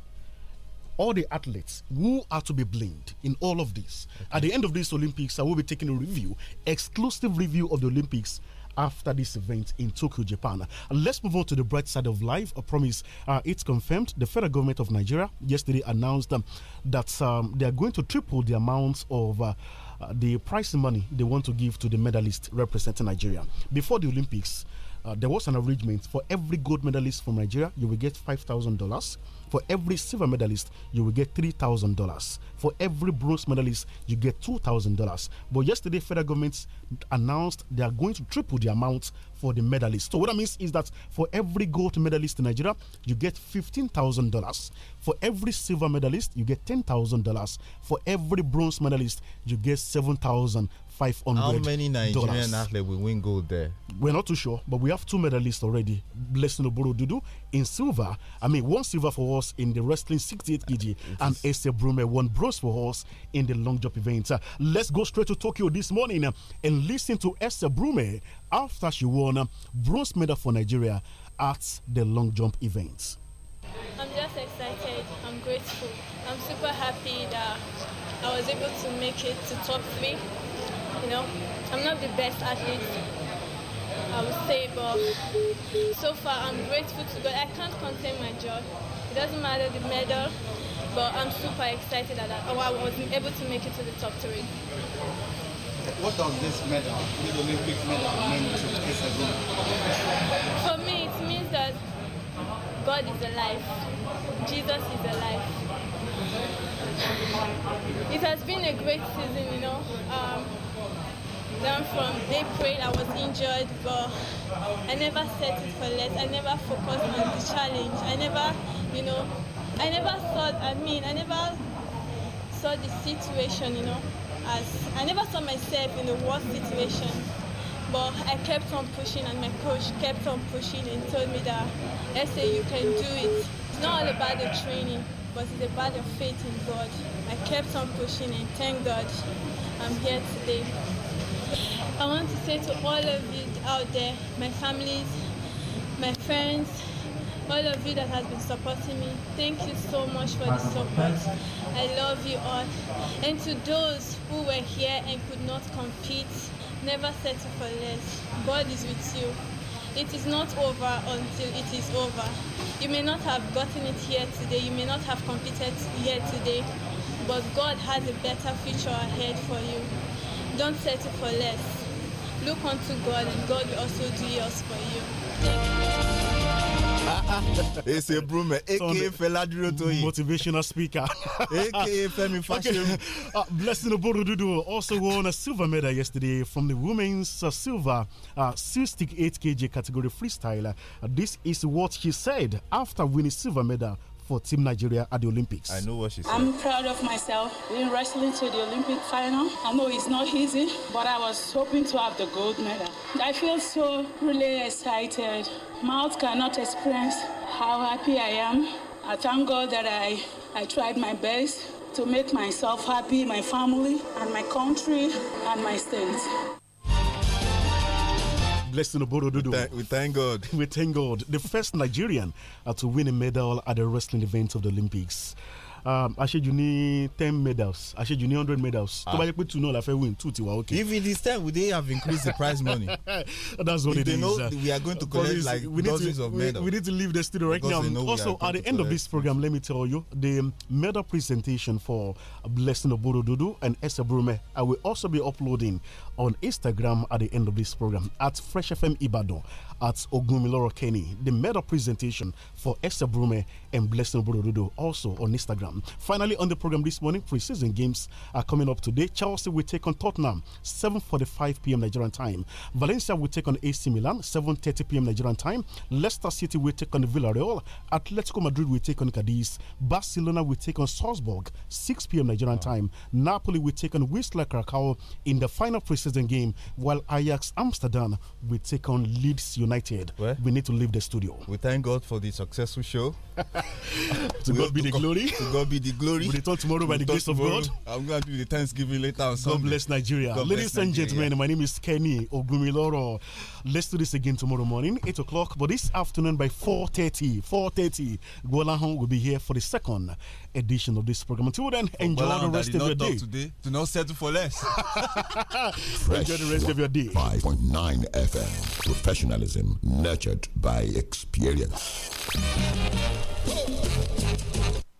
all the athletes who are to be blamed in all of this. Okay. At the end of this Olympics, I will be taking a review, exclusive review of the Olympics after this event in Tokyo, Japan. And let's move on to the bright side of life. I promise uh, it's confirmed. The federal government of Nigeria yesterday announced um, that um, they are going to triple the amount of. Uh, uh, the prize money they want to give to the medalist representing Nigeria. Before the Olympics, uh, there was an arrangement for every gold medalist from Nigeria, you will get $5,000. For every silver medalist, you will get $3,000. For every bronze medalist, you get $2,000. But yesterday, federal government announced they are going to triple the amount for the medalist. So what that means is that for every gold medalist in Nigeria, you get $15,000. For every silver medalist, you get $10,000. For every bronze medalist, you get 7000 five hundred. How many Nigerian athletes will win gold there? We're not too sure, but we have two medalists already. Blessing Oboro Dudu in silver. I mean, one silver for us in the wrestling 68 kg, uh, and Esther Brume won bronze for us in the long jump event. Uh, let's go straight to Tokyo this morning uh, and listen to Esther Brume after she won bronze medal for Nigeria at the long jump event. I'm just excited. I'm grateful. I'm super happy that I was able to make it to top three you know i'm not the best athlete i would say but so far i'm grateful to god i can't contain my joy it doesn't matter the medal but i'm super excited that I, oh, I was able to make it to the top three what does this medal, this Olympic medal, mean to Kesaguna? For me, it means that God is alive. Jesus is alive. It has been a great season, you know. Um, from April, I was injured but I never set it for less. I never focused on the challenge. I never, you know, I never thought, I mean, I never saw the situation, you know, as I never saw myself in a worse situation. But I kept on pushing and my coach kept on pushing and told me that let's say you can do it. It's not all about the training, but it's about your faith in God. I kept on pushing and thank God I'm here today. I want to say to all of you out there, my families, my friends, all of you that has been supporting me, thank you so much for the support. I love you all. And to those who were here and could not compete, never settle for less. God is with you. It is not over until it is over. You may not have gotten it here today, you may not have competed here today, but God has a better future ahead for you. Don't settle for less. Look unto God, and God will also do yours for you. it's a broomer, aka to Toyi. Motivational speaker, aka Femi Fashion. Okay. Uh, Blessing Oborududu also won a silver medal yesterday from the women's uh, silver uh, 68 kg category freestyler. Uh, this is what she said after winning silver medal for Team Nigeria at the Olympics? I know what she said. I'm proud of myself in wrestling to the Olympic final. I know it's not easy, but I was hoping to have the gold medal. I feel so really excited. Mouth cannot express how happy I am. I thank God that I, I tried my best to make myself happy, my family, and my country, and my state. Bless Tinubu Dodo. We, we thank God. we thank God. The first Nigerian uh, to win a medal at the wrestling event of the Olympics um, aṣejù ní ten medals aṣejù ní hundred medals tó bá ah. jẹ́ pé two náà la fẹ́ win two ti wà okay. if it is ten would they have increased the prize money. that's what if they know uh, we are going to collect like dozens to, of medals. We, need to leave the studio right now. Also at the end of this program let me tell you the medal presentation for Blessing Obodododo and Esther Brume I will also be uploading on Instagram at the end of this program at Fresh FM Ibadan at Ogumiloro Kenny. the medal presentation for Esther Brume and Blessing Borododo also on Instagram. Finally, on the program this morning, preseason games are coming up today. Chelsea will take on Tottenham 7:45 p.m. Nigerian time. Valencia will take on AC Milan 7:30 p.m. Nigerian time. Leicester City will take on Villarreal. Atletico Madrid will take on Cadiz. Barcelona will take on Salzburg 6 p.m. Nigerian wow. time. Napoli will take on Whistler Krakow in the final preseason game, while Ajax Amsterdam will take on Leeds United united, well, we need to leave the studio. We thank God for the successful show. to God be to the God, glory. To God be the glory. We we'll talk tomorrow we'll by the grace tomorrow. of God. I'm going to do the Thanksgiving later on Sunday. God bless Nigeria. God Ladies bless and Nigeria. gentlemen, my name is Kenny Ogumiloro. Let's do this again tomorrow morning, 8 o'clock. But this afternoon by 4.30, 4.30, Gwalahon will be here for the second edition of this program. Until then, enjoy well, the rest of your day. Today, do not settle for less. enjoy the rest of your day. 5.9 FM. Professionalism optimism nurtured by experience.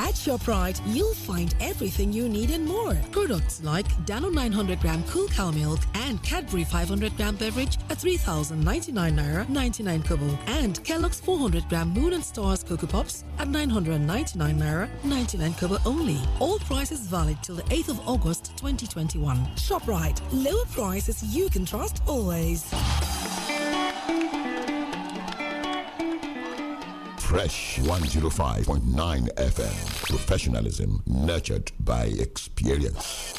At ShopRite, you'll find everything you need and more. Products like Danone 900 gram cool cow milk and Cadbury 500 gram beverage at 3,099 naira 99 kobo, and Kellogg's 400 gram Moon and Stars Cocoa Pops at 999 naira 99 kobo only. All prices valid till the 8th of August 2021. ShopRite, lower prices you can trust always. Fresh 105.9 FM. Professionalism nurtured by experience.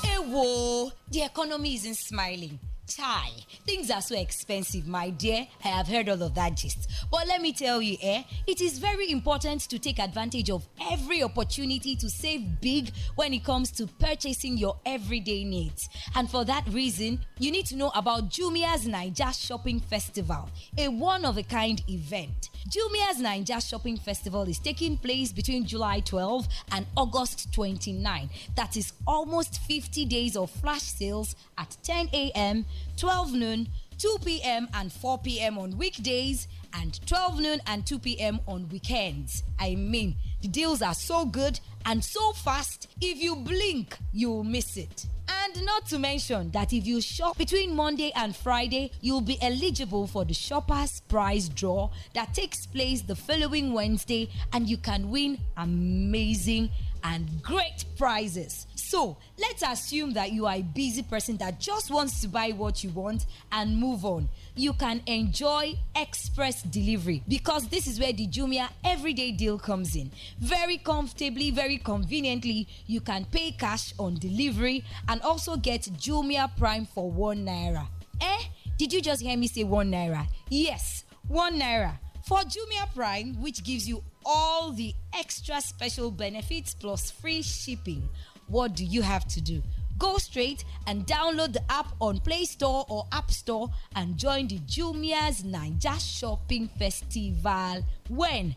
Hey, the economy isn't smiling. Chai, things are so expensive, my dear. I have heard all of that gist. But let me tell you, eh, it is very important to take advantage of every opportunity to save big when it comes to purchasing your everyday needs. And for that reason, you need to know about Jumia's Niger Shopping Festival, a one of a kind event. Jumia's Niger Shopping Festival is taking place between July 12 and August 29. That is almost 50 days of flash sales at 10 a.m. 12 noon, 2 p.m., and 4 p.m. on weekdays, and 12 noon and 2 p.m. on weekends. I mean, the deals are so good and so fast, if you blink, you'll miss it. And not to mention that if you shop between Monday and Friday, you'll be eligible for the Shoppers Prize Draw that takes place the following Wednesday, and you can win amazing and great prizes. So let's assume that you are a busy person that just wants to buy what you want and move on. You can enjoy express delivery because this is where the Jumia everyday deal comes in very comfortably, very conveniently. You can pay cash on delivery and also get Jumia Prime for one naira. Eh? Did you just hear me say one naira? Yes, one naira. For Jumia Prime, which gives you all the extra special benefits plus free shipping, what do you have to do? Go straight and download the app on Play Store or App Store and join the Jumia's Niger Shopping Festival. When?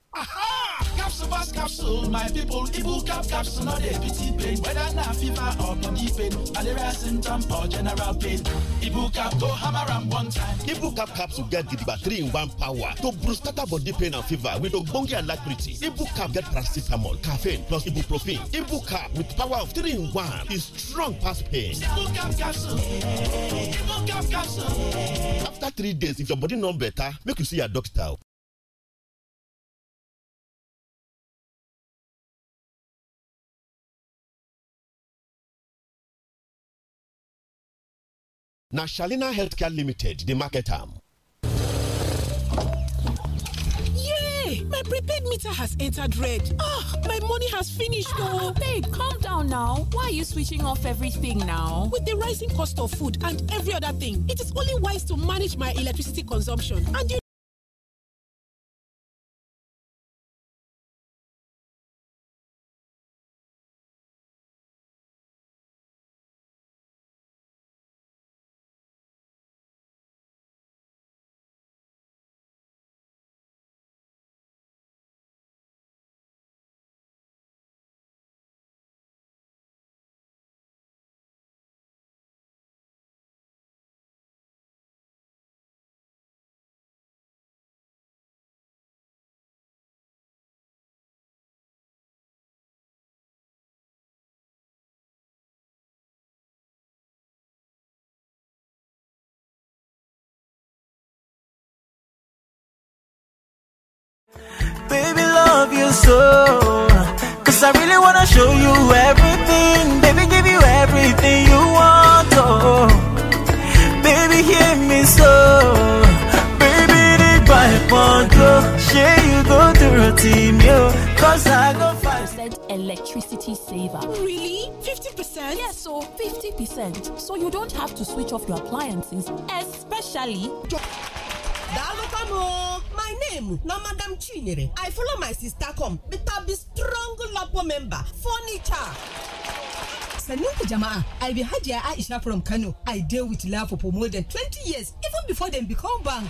Capsule pass capsule, my people. Ibu cap capsule, no a pity pain. Whether na fever or body pain, malaria symptom or general pain. Ibu cap go hammer am one time. Ibu cap capsule get gidigba three in one power to boost scatter body pain and fever with ogbonge alacrity. Ibu cap get paracetamol, caffeine plus ibuprofen. Ibu cap with power of three in one is strong pass pain. Ibu cap capsule. Ibu cap capsule. After three days, if your body no better, make you see your doctor. na Shalina Healthcare Limited, the market arm. Yay! My prepaid meter has entered red. Ah, my money has finished ah, though. babe, calm down now. Why are you switching off everything now? With the rising cost of food and every other thing, it is only wise to manage my electricity consumption. And you Cause I really wanna show you everything. Baby, give you everything you want. Oh, baby, hear me so. Baby, they buy a bundle. Share you go to a team, yo. Cause I go find electricity saver. Really? 50%? Yes, so 50%. So you don't have to switch off your appliances, especially my name na madam chinyere i follow my sister come I be strong lopo member furniture sannin ku jama'a i be hajiya aisha from kano i deal with love for more than 20 years even before them become bank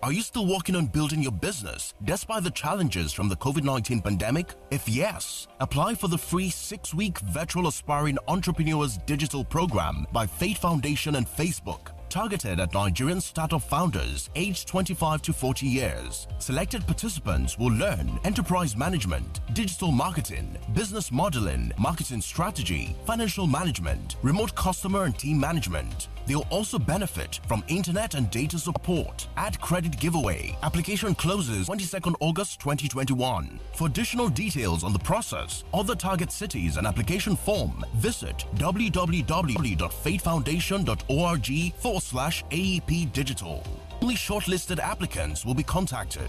Are you still working on building your business despite the challenges from the COVID 19 pandemic? If yes, apply for the free six week virtual aspiring entrepreneurs digital program by Fate Foundation and Facebook. Targeted at Nigerian startup founders aged 25 to 40 years. Selected participants will learn enterprise management, digital marketing, business modeling, marketing strategy, financial management, remote customer and team management, They'll also benefit from internet and data support. Ad credit giveaway. Application closes 22nd August 2021. For additional details on the process, other target cities and application form, visit www.fatefoundation.org forward slash AEP Digital. Only shortlisted applicants will be contacted.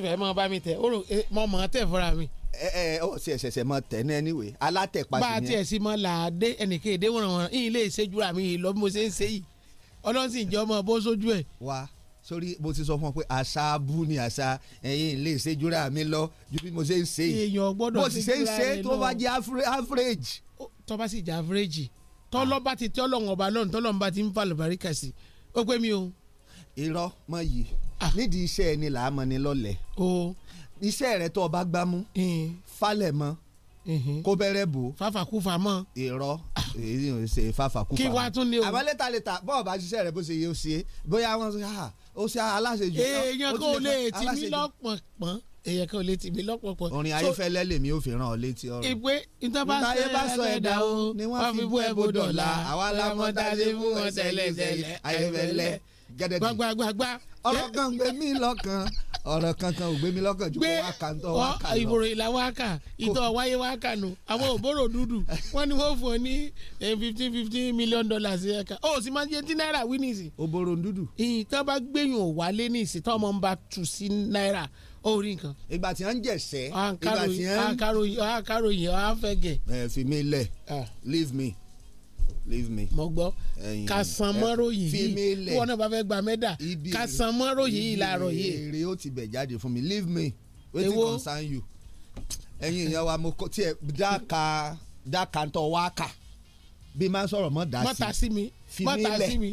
sì fẹ́ mọ bá mi tẹ̀ eh, mọ mọ tẹ̀ fúnra mi. ẹ ẹ ọ sì ẹsẹsẹ mọ tẹ náà anyway alátẹ̀pá sí ni. bá a tiẹ̀ sí mọ làádé ẹnìkan èdè wọ̀nràn wọ̀nràn yìí lè ṣe jura mi lọ bí mo ṣe ń ṣe yìí ọlọ́run sì ọmọ bó sójú ẹ̀. wa sórí mo ti sọ fún ọ pé àṣà abú ni àṣà ẹyin lè ṣe jura mi lọ ju bí mo ṣe ń ṣe yìí. èèyàn gbọ́dọ̀ sí jura ẹ lọ bó sì ṣe ń ṣe tó bá jẹ́ average. tó bá sì jẹ́ average tọ́lọ́ba ah. ti tọ́lọ́wọ̀n ọba lọ́run tọ́lọ́ba ti ń fa àlùbáríkà sí ó pé mi nídìí iṣẹ́ ẹni là á mọ̀ ni lọ́lẹ̀ iṣẹ́ rẹ̀ tó o bá gbámú falẹ̀ mọ́ kó bẹ̀rẹ̀ bò. fàfàkùfà mọ́. irọ́ èyí ò ṣe fàfàkùfà. kí wàá tún ní o. àmọ́ létà létà bọ́ọ̀ bá ṣiṣẹ́ rẹ̀ bó ṣe yé o ṣe bóyá wọ́n ṣe ah, ó ṣe aláṣejù. èèyàn kò lè tì mí lọ́pọ̀pọ̀n èèyàn kan ò lè tì mí lọ́pọ̀pọ̀. orin ayéfẹ́lẹ́ lèmi ò fi ràn ọ́ létí ọ̀rọ̀. ìpè ìtàbáṣe ẹ̀dá o ni wọ́n fi bú ẹ̀bù dọ̀la àwa la mọ̀ fún wọn tẹ́lẹ̀ tẹ́lẹ̀ ayéfẹ́lẹ́ gbagbagbagba. ọ̀rọ̀ kan gbé mi lọ́kàn ọ̀rọ̀ kankan ò gbé mi lọ́kàn ju kó wákà ń tọ́ wákà lọ. ìbòrò ìlà wákà ìtọ̀ wáyé wákà nù àwọn òbòrò dúdú wọ́n ní wọ́n fún ọ ní fifteen fifteen million dollars ẹ̀ka ó sì máa ń jẹ́ tí náírà wí nìsí. òbòrò dúdú. ìtàn bá gbẹ̀yìn ò wálé nìsí tọ́mọ ń bá tù sí náírà orí nǹkan. ìgbà tí wọ́n ń jẹ̀sẹ̀. àkàròyìn àkàròyìn àfẹ́gẹ̀. ẹ fi mi lẹ ah. leave me leave me. mo gbọ́ ka san mọ́ròyìn yìí wọn náà bá fẹ́ gba mẹ́dà ka san mọ́ròyìn yìí làárọ̀ yìí. ibi èrè ó ti bẹ̀ jáde fún mi leave me wetin concern you ẹ̀yin èèyàn wa mo tiẹ̀ dáka dáka ntọ́ wá kà bí máa sọ̀rọ̀ mọ́ dá mọ́ta sí mi mọ́ta sí mi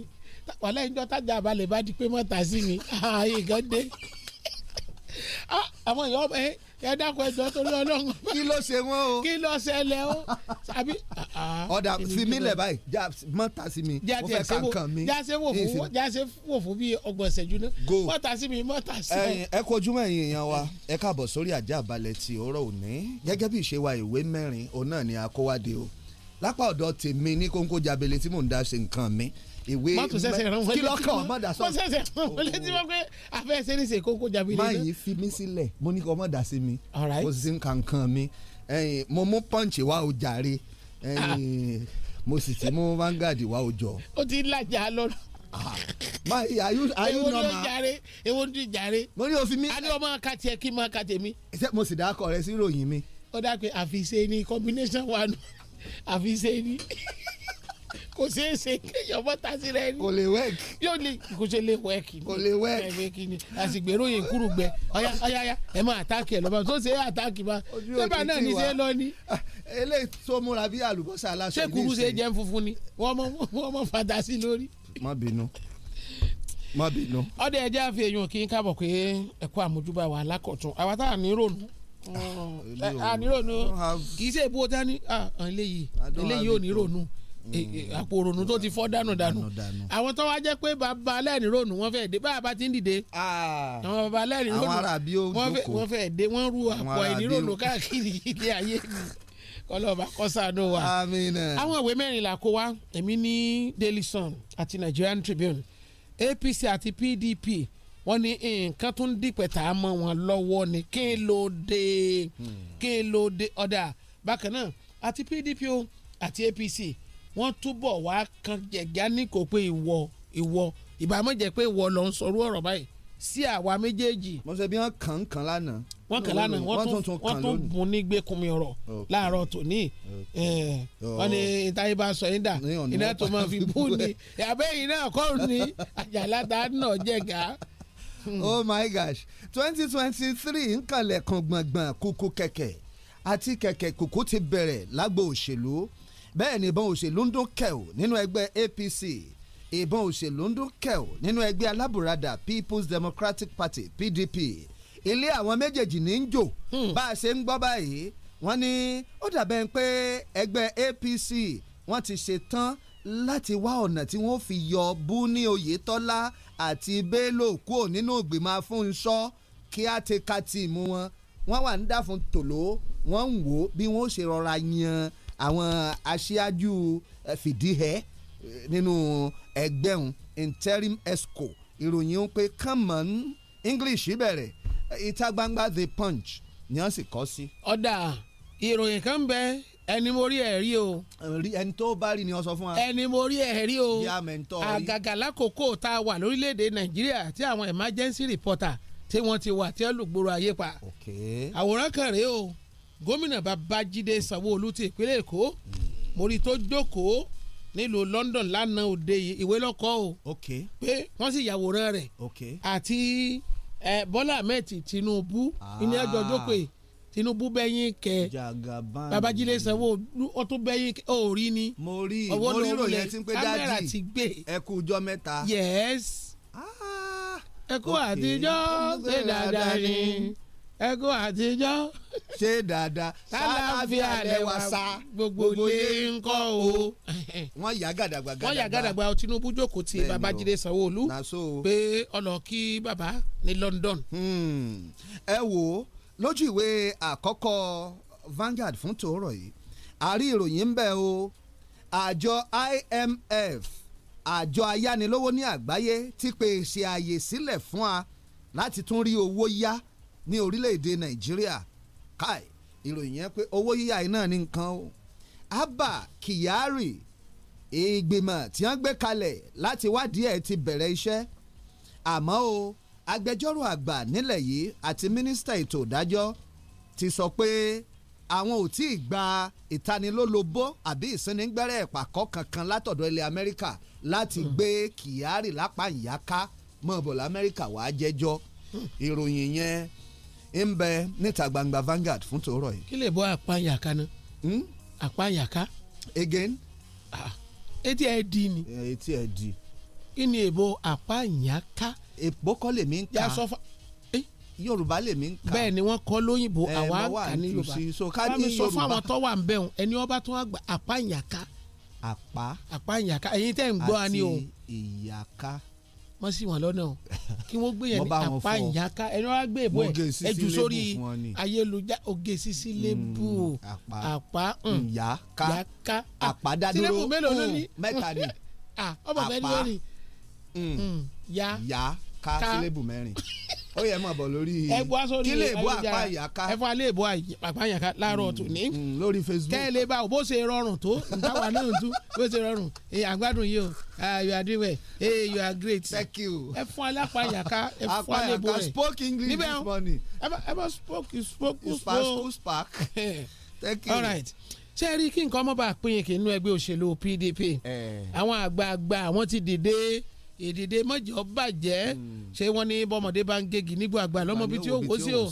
wàhálà ìjọ tájà àbálẹ̀ bá di pé mọ́ta sí mi ààyè gan dé ah, àwọn èèyàn ẹ ẹ dákun ẹjọ torí Ọlọ́run. kí ló ṣe wọn o. kí ló ṣẹlẹ̀ o. àbí. ọ̀dà fi báyìí já mọ́ta sí mi mo fẹ́ kankan mi. jáse wò fún jáse wò fún bíi ọgbọ̀n ṣẹ́jú náà. go mọ́ta sí mi mọ́ta sí mi. ẹ kojúmọ́ ẹ̀yin èèyàn wa ẹ káàbọ̀ sórí àjà àbálẹ̀ ti ọ̀rọ̀ òní gẹ́gẹ́ bí ìṣe wa ìwé mẹ́rin òun náà ni àkówádé o lápá ọ̀dọ̀ tèmi ní kóńkó jábẹ́lẹ̀ tí mò ń dá ṣe nǹkan mi ìwé kílọ̀kọ̀ mọ̀dà sọ. mọ̀sẹ̀sẹ̀ mo létí wọn pé afẹ́sẹ̀ ní ṣe kókó jàbí lẹ́nu. máyì fi mí sílẹ̀ mo ní kọ́ mọ̀dà sí mi mo sì ń kankan mi mo mú pọ́ǹchì wá o mo sì ti mú Vanguard wá o ó ti lajà lọ́rọ̀ ah, máyì ayú ayú nọmà ewo ní ìjàre mo ní òfin mi. a ní ọmọ akatì ẹ kí n máa katì mi. ṣé mo sì dá akọ rẹ sí ìròyìn mi. ó dà pé àfi ni combination wa nù ni kò ṣeé ṣe kéèyàn bọ́ta sí ni. kò lè wẹ́ẹ̀kì. yóò lè kò ṣe lè wẹ́ẹ̀kì. kò lè wẹ́ẹ̀kì. àsìgbèrò yẹn kúrú gbẹ ọyá ọyá ọyá ẹ máa àtàkì ẹ lọ́ba tó ṣe é àtàkì ma sẹ́bà náà ní lọ ni. Ah, eléyìí tó múra bí àlùbọ́sà aláṣọ ní ìsìn. ṣé kúrú ṣe funfun ni wọ́n mọ kì í ṣe èbó dání à ah, eléyìí eléyìí ò ní rònú àpò òrònú tó ti fọ́ dànù dànù àwọn tó wá jẹ́ pé bàbá aláìní rònú wọ́n fẹ́ dé bàbá ti ń dìde àwọn bàbá aláìní rònú wọ́n fẹ́ dé wọ́n ru àpò àìní rònú káàkiri ilé ayé kọlọba kọsàánú wa àwọn ìwé mẹ́rin là kó wa èmi ní Daily Sun àti Nigerian Tribune APC àti PDP wọ́n ní nǹkan tó ń dìpẹ̀tà mọ́ wọn lọ́wọ́ ni kí ló dé hmm. kí ló dé ọ̀dà bákan náà àti PDP o àti APC wọ́n túbọ̀ wá kan jẹ̀gá ní kò pé ìwọ ìwọ ìbámu jẹ́ pé ìwọ ló ń sọrú ọ̀rọ̀ báyìí sí àwa méjèèjì. mo sọ bí wọ́n kàn kàn lánàá. wọ́n kàn lánàá wọ́n tún wọ́n tún bùn ní gbẹkùnmi ọ̀rọ̀ láàárọ̀ tòní. wọ́n ní ìtayé bá sọ yín dà iná tó máa fi bú ni àbẹ́ yìí náà kọ́ ni àjàlá ta náà jẹ̀gá. Hmm. oh my gosh twenty twenty three nkànlẹ̀ kan gbọ̀ngbọ̀n kúkú kẹ̀kẹ́ àti kẹ̀kẹ́ kúkú ti bẹ̀rẹ̀ lágbo òṣèlú bẹ́ẹ̀ ni ìbọn òṣèlú ń dún kẹ̀ò nínú ẹgbẹ́ APC ìbọn òṣèlú ń dún kẹ̀ò nínú ẹgbẹ́ alábùradà People's Democratic Party PDP ilé àwọn méjèèjì ní ń jò hmm. bá a ṣe ń gbọ́ báyìí wọ́n ní ó dàbẹ́ pé ẹgbẹ́ APC wọ́n ti ṣe tán láti wá ọ̀nà tí wọ́n fi yọ Bùnì Oyètọ́lá àti Bello kúrò nínú ìgbìmọ̀ afúnṣọ́ kí á ti ka tìmú wọn wọ́n wà ń dà fún tòló wọ́n ń wò bí wọ́n ṣe rọra yan àwọn aṣáájú fìdíhẹ nínú ẹgbẹ́ òun interim esco ìròyìn ń pé common english bẹ̀rẹ̀ ìta gbangba the punch ni wọ́n sì kọ́ sí. ọ̀dà ìròyìn kan bẹ ẹni mo rí ẹ rí o. ẹni tó bá rí ni ọ sọ fún wa. ẹni mo rí ẹ rí o. yá mẹ́ńtọ́ rí. àgàgà lákòókò tá a wà lórílẹ̀‐èdè nàìjíríà tí àwọn emergency reporter tí wọ́n ti wà tí wọ́n lùgbòrò ayé pa. àwòrán kan rèé o gómìnà babájídé sanwó-olú ti ìpínlẹ̀ èkó mórí tó jókòó nílùú london lánàá òde ìwé lọ́kọ́ o pé wọ́n sì yàwòrán rẹ̀ àti bọ́lá ahmed tinubu ah. ní ẹjọ́ jókòó yìí tinubu bẹ́yìn kẹ babájídé sanwó-olú ó tún bẹ́yìn kẹ ó rí ni ọwọ́ lọ́wọ́ lẹ̀ kámẹ́rà ti gbé ẹ kú ọjọ́ mẹ́ta yẹ́s ah. ẹkú àtijọ́ ṣe dáadáa ni ẹkún àtijọ́. ṣé dáadáa sáláfíà lẹwà sá gbogbo lé ń kọ́ o. wọ́n yà gàdàgbà gàdàgbà. wọ́n yà gàdàgbà Tinubu jókòó ti Babájídé Sanwó-Olú pé ọlọ kí bàbá ní London. Hmm. ẹ wo lójú ìwé àkọ́kọ́ Vanguard fún tòórọ̀ yìí àrí ìròyìn ń bẹ o àjọ IMF àjọ ayánilówó ní àgbáyé ti pèsè àyè sílẹ̀ fún wa láti tún rí owó yá ní orílẹ̀-èdè nàìjíríà káì ìròyìn yẹn pé owó yíyá iná ní nǹkan o abba kyari ìgbìmọ̀ tí wọ́n gbé kalẹ̀ láti wádìí ẹ̀ ti bẹ̀rẹ̀ iṣẹ́ àmọ́ o agbẹjọ́rò àgbà nílẹ̀ yìí àti mínísítà ètò ìdájọ́ ti sọ pé àwọn ò tí ì gba ìtanilólobó àbí ìsínigbẹ́rẹ́ ìpàkọ́ kankan látọ̀dọ̀ ilẹ̀ amẹ́ríkà láti hmm. gbé kyari lápá ìyáká mọ̀ọ́bọ̀lá amẹ́ríkà wàá jẹ́jọ́ hmm. ìròyìn yẹn ń bẹ níta gbangba Vanguard fún tòórọ yìí. kí lè bọ́ àpáyàká ná. àpáyàká. Hmm? again. etí ẹ di ni. etí ẹ di. kí ni èbó àpáyàká. èbó kọ́ lèmi ń ka. yà sọ fún yorùbá lèmi ń kà bẹ́ẹ̀ ni wọ́n kọ lóyìnbó àwa ń kà ní yorùbá bámi sọ fún àwọn tó wà ń bẹ̀ wọn ẹni ọba tó wà gbà àpá ìyàká àpá àpá ìyàká ẹ̀yin tẹ́ ń gbọ́ wa o àti ìyàká má sì wọ́n lọ́nà o kí wọ́n gbé yẹn ní apá ìyáká ẹni wọ́n á gbé ìbò ẹ̀ jù sórí ayélujára oge sisi lébù àpá ìyáká àpá dádúró mẹ́ta ni àpá ya ya ka sílébù mẹ́rin ó yẹ mọ̀ bọ̀ lórí kí lè bọ́ àpá ẹ fọ́ alẹ́ ìbò àpá ìyàká láàárọ̀ mm, tòní mm, lórí Facebook kẹ́lẹ́ bá o bó ṣe rọrùn tó ntáwa náà tún bó ṣe rọrùn àgbàdùn yìí o ah, you are doing well you are great thank you ẹ fún alẹ́ àpá ìyàká ẹ fún alẹ́ ìbò rẹ̀ spoke English this morning ẹ bá spoke spoke spoke spark thank you all right ṣé rí kí nǹkan ọmọ bá pín in kì í nú ẹgbẹ́ òṣèlú PDP eh. àwọn àgbààgbà àwọn ti dìde èdèdè mọ́jọ́ bàjẹ́ hmm. ṣé wọ́n ní bọ́mọdé bá ń gégi nígbà àgbà lọ́mọbi tí ó wò sí o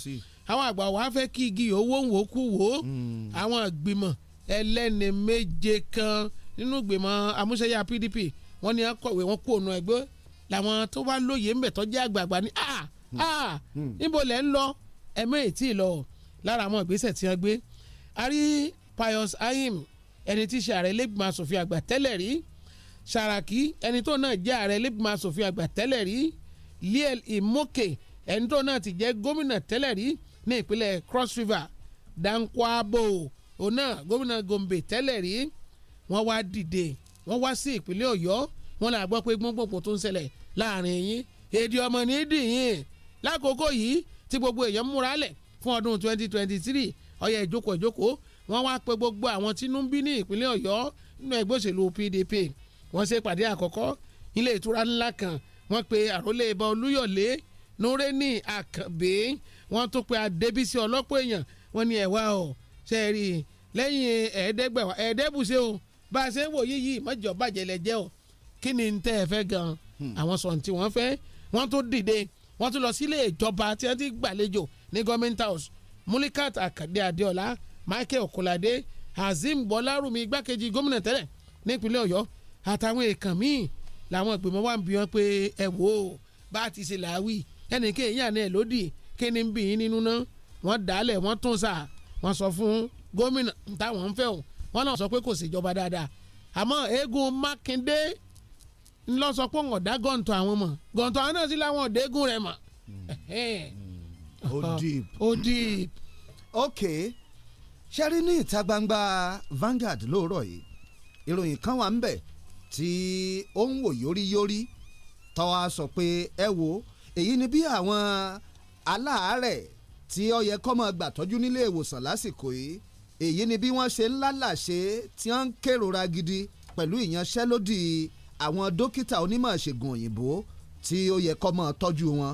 àwọn àgbà wàá fẹ́ kí igi owó ń wò kú wò ó hmm. àwọn ìgbìmọ̀ ẹlẹ́ni méje kan nínú ìgbìmọ̀ amúṣẹ́yà PDP wọ́n ní akọ̀wé wọn kú òun ẹgbẹ́ làwọn tó bá lóye ń bẹ̀ tó jẹ́ àgbààgbà ní a ah, hmm. a ah, níbo lẹ́ ń lọ ẹ̀mọ́ ètí lọ lára àwọn ìgbésẹ̀ tí wọ́n gbé a rí Pius Ayim ẹni tí í ṣe ààrẹ lẹ́gbìmọ̀ asòfin àgbà Sàràkí ẹni tó náà jẹ́ ààrẹ lẹ́gbìmọ̀ asòfin àgbà tẹ́lẹ̀ rí Liel Imoke ẹni tó náà ti jẹ́ gómìnà tẹ́lẹ̀ rí ní ìpínlẹ̀ Cross River Dankwabo òun náà gómìnà Gombe tẹ́lẹ̀ rí wọ́n wá dìde wọ́n wá sí ìpínlẹ̀ Ọ̀yọ́ wọ́n là gbọ́ pé gbọ́ngbọ̀ngbọ̀n tó ń ṣẹlẹ̀ láàrin yín èdè ọmọ ní dìyìn lákòókò yìí tí gbogbo èèyàn múra lẹ̀ fún ọdún 2023 ọyẹ ìjókòó ìjókòó wọ́n wá pe gbogbo àwọn tínú ń bí ní ìpínlẹ̀ Ọ̀yọ́ nínú ẹgbẹ́ òṣèlú PDP wọ́n ṣe pàdé àkọ́kọ́ ilé ìtura ńlá kan wọ́n pe àrólé ibà olúyọ̀lé nureni àkànbé wọ́n tún pe adébísí ọlọ́pọ̀ èèyàn wọ́n ní ẹ̀wá ọ̀ ṣe rí i lẹ́yìn ẹ̀ẹ́dẹ́gbẹ̀wá ẹ̀ẹ́dẹ́bùṣe o bá a ṣe ń wò yí yìí mọ́jọ bàjẹ́ lẹ jẹ́ o kí ni n tẹ́ ẹ fẹ́ gan-an hmm. àwọn sọ̀rọ̀ tí wọ́n fẹ́ wọ́n tún dìde wọ́n tún lọ sílé ìjọba tí wọ́n ti gbàlejò ní government house mulikat akande adeola michael okolade hazeem bọlárùmí igbákejì gómìnà tẹ́lẹ̀ nípínlẹ̀ ọ̀yọ́ àtàwọn èèkàn míì làwọn ìgbìmọ̀ wà ń bí wọn pé ẹ wò ó bá a ti ṣe làáwì ẹnì kéèyàn náà lódì kí ni ń bì yín nínú náà wọ́n dálẹ̀ wọ́n tún sà wọ́n sọ fún gómìnà táwọn ń fẹ́ o wọ́n náà sọ pé kò síjọba dáadáa àmọ́ eégún mákindé ńlọ sọ gọ̀ǹtọ̀ àwọn mọ̀ gọ̀ǹtọ̀ àwọn náà sì láwọn ọ̀dẹ́gùn rẹ̀ mọ̀. o hmm. deep o deep. ok ṣe rí ní ìta gbangba Vanguard lóòrọ̀ yìí ìròyìn kan wà ń bẹ̀ tí ó ń wò yóríyórí tọ́wọ́ sọ pé ẹ wo èyí ni bí àwọn aláàárẹ̀ tí ó yẹ kó máa gbàtọ́jú nílé ìwòsàn lásìkò yìí èyí ni bí wọ́n ṣe ń lálàṣe tí wọ́n ń kérora gidi pẹ̀lú ìyanṣẹ́lódì àwọn dókítà onímọ̀ ìṣègùn òyìnbó tí ó yẹ kó máa tọ́jú wọn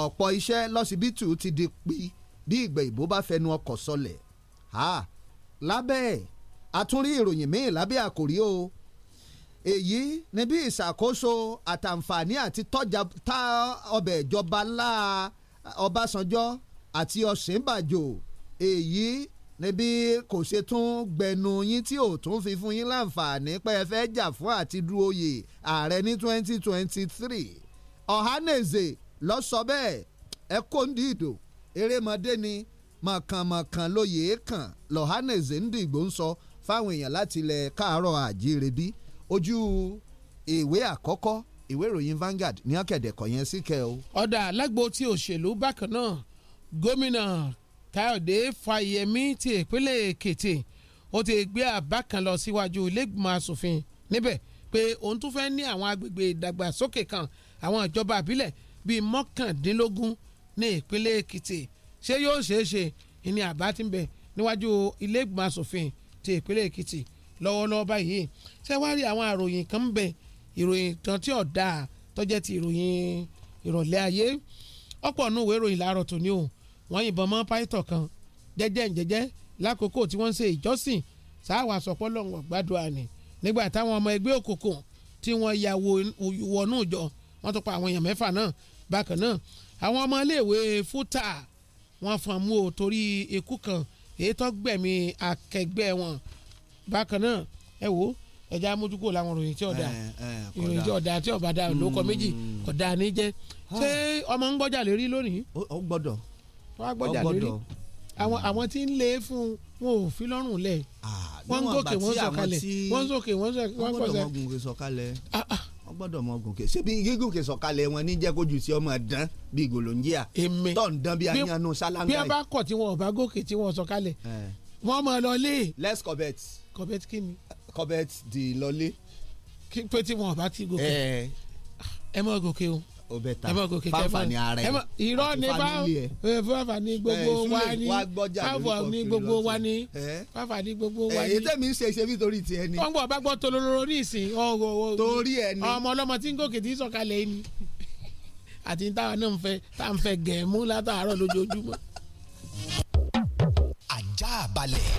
ọ̀pọ̀ iṣẹ́ lọ́sibítù ti di pi bí ìgbẹ́ ìbò bá fẹnu ọkọ̀ sọlẹ̀ ha lábẹ́ ẹ̀ àtúnrí ìròyìn míì lábẹ́ àkòrí o èyí ni bí ìṣàkóso àtàǹfààní àti tọ́jà tá ọbẹ̀ ìjọba ńlá Ọbásanjọ́ àti Ọ̀ṣínbàjò èyí ni bí kò ṣe tún gbẹnu yín tí ò tún fi fún yín láǹfààní pé ẹ fẹ́ jà fún àti du oyè ààrẹ ní 2023 Ọ̀hánèzè lọ sọ bẹ́ẹ̀ ẹ kó ń di ìdò erémọdé ni mọ̀kànmọ̀kàn lóye kàn lọ́hánèzè ń dìgbò ń sọ fáwọn èèyàn láti ilẹ̀ káàárọ̀ àjíire bíi ojú ìwé àkọ́kọ́ ìwé ìròyìn Vanguard ní ọ̀kẹ́dẹ̀kọ̀ yẹn sí kẹ́ o. ọ̀dà alágbó tí òṣèlú bákan náà gómìnà Káyọ̀dé Fáyẹmí ti ìpínlẹ̀ Èkìtì ó ti gbé àbá kan lọ síwájú ilégbìmọ̀ asòfin níbẹ̀ pé òun tún fẹ́ ní àwọn agbègbè ìdàgbàsókè kan àwọn ìjọba àbílẹ̀ bíi mọ́kàndínlógún ní ìpínlẹ̀ Èkìtì ṣé yóò ṣeé ṣe ìní àbá ti ń bẹ níwájú ilégbìmọ̀ asòfin ti ìpínlẹ̀ Èkìtì lọ́wọ́lọ́wọ́ báyìí ṣé wàá rí àwọn àròyìn kan ń bẹ ìròyìn tán tí ọ̀dà tó jẹ́ ti ìròyìn ìrọ̀lẹ́ ayé ọ̀pọ̀ nù wẹ́ẹ́ ròyìn láàárọ̀ tòní o wọ́n yìnbọn mọ́ pásítọ̀ kan jẹ́jẹ́ jẹ́jẹ́ lákòókò tí wọ́n ń ṣe ìjọsìn sáwà sọ̀pọ̀ lọ́wọ́ gbàdúrà ni nígbà táwọn ọmọ ẹgbẹ́ òkùnkùn tí wọ́n ya wọnú ìjọ wọ́n tó pa àwọn èèyàn mẹ́fà náà bákan náà àwọn ọmọ iléèwé fúta wọ́n fọ́n mú o torí ikú kan èyí tó gbẹ̀mí akẹgbẹ́ wọn bákan náà ẹ wo ẹja amójúkò làwọn ìròyìn tí ọ̀dà ìròyìn tí ọ̀dà tí ọ̀bà dà hmm. lóko méjì ọ̀dà ní jẹ́ ah. ṣé ọmọ ń gbọ́jà lérí lónìí. ó gbọ́dọ̀ wọ́n á gbọ́jà lérí àwọn àwọn tí ń lé e fún wọn ò fi lọ́rùn lẹ̀ wọ́n ń gòkè wọ́n sọ̀kalẹ̀ wọ́n ń sọ̀kè wọ́n sọ̀kalẹ̀. wọ́n gbọ́dọ̀ mọ gòkè sọ̀kalẹ̀ ah, ah. wọ́n gbọ́dọ̀ mọ gòkè ṣé bí gígòkè sọ̀kalẹ̀ wọn ní jẹ́ kójú sí ọmọ dán bíi gòlòǹjìà tó bíi ayanú ṣáláńgá. bí a bá kọ̀ tí wọn ò bá gòkè tí wọn sọ̀kalẹ̀ eh. wọ́n mọ̀ lọ lé. E. let's covet Corbett kí ni. Corbett di lọlé. kí pé tí wọn bá ti gòkè ẹ mọ gòkè o o bẹ ta fáfani ara ẹ irọ́ ni fáfani gbogbo wa ni fáfani gbogbo wa ni fáfani gbogbo wa ni. èyí tẹ́mi ń ṣe ṣe bí torí tiẹ̀ ni. wọ́n gbọ́ bá gbọ́ tolóró ní ìsìn torí ẹ ni ọmọ ọlọ́mọ tí ń gòkè tí ń sọ̀kalẹ̀ yìí ni àti táwa náà ń fẹ́ tá ń fẹ́ gẹ̀ẹ́mú látàárọ̀ lójoojúmọ́. ajá balẹ̀.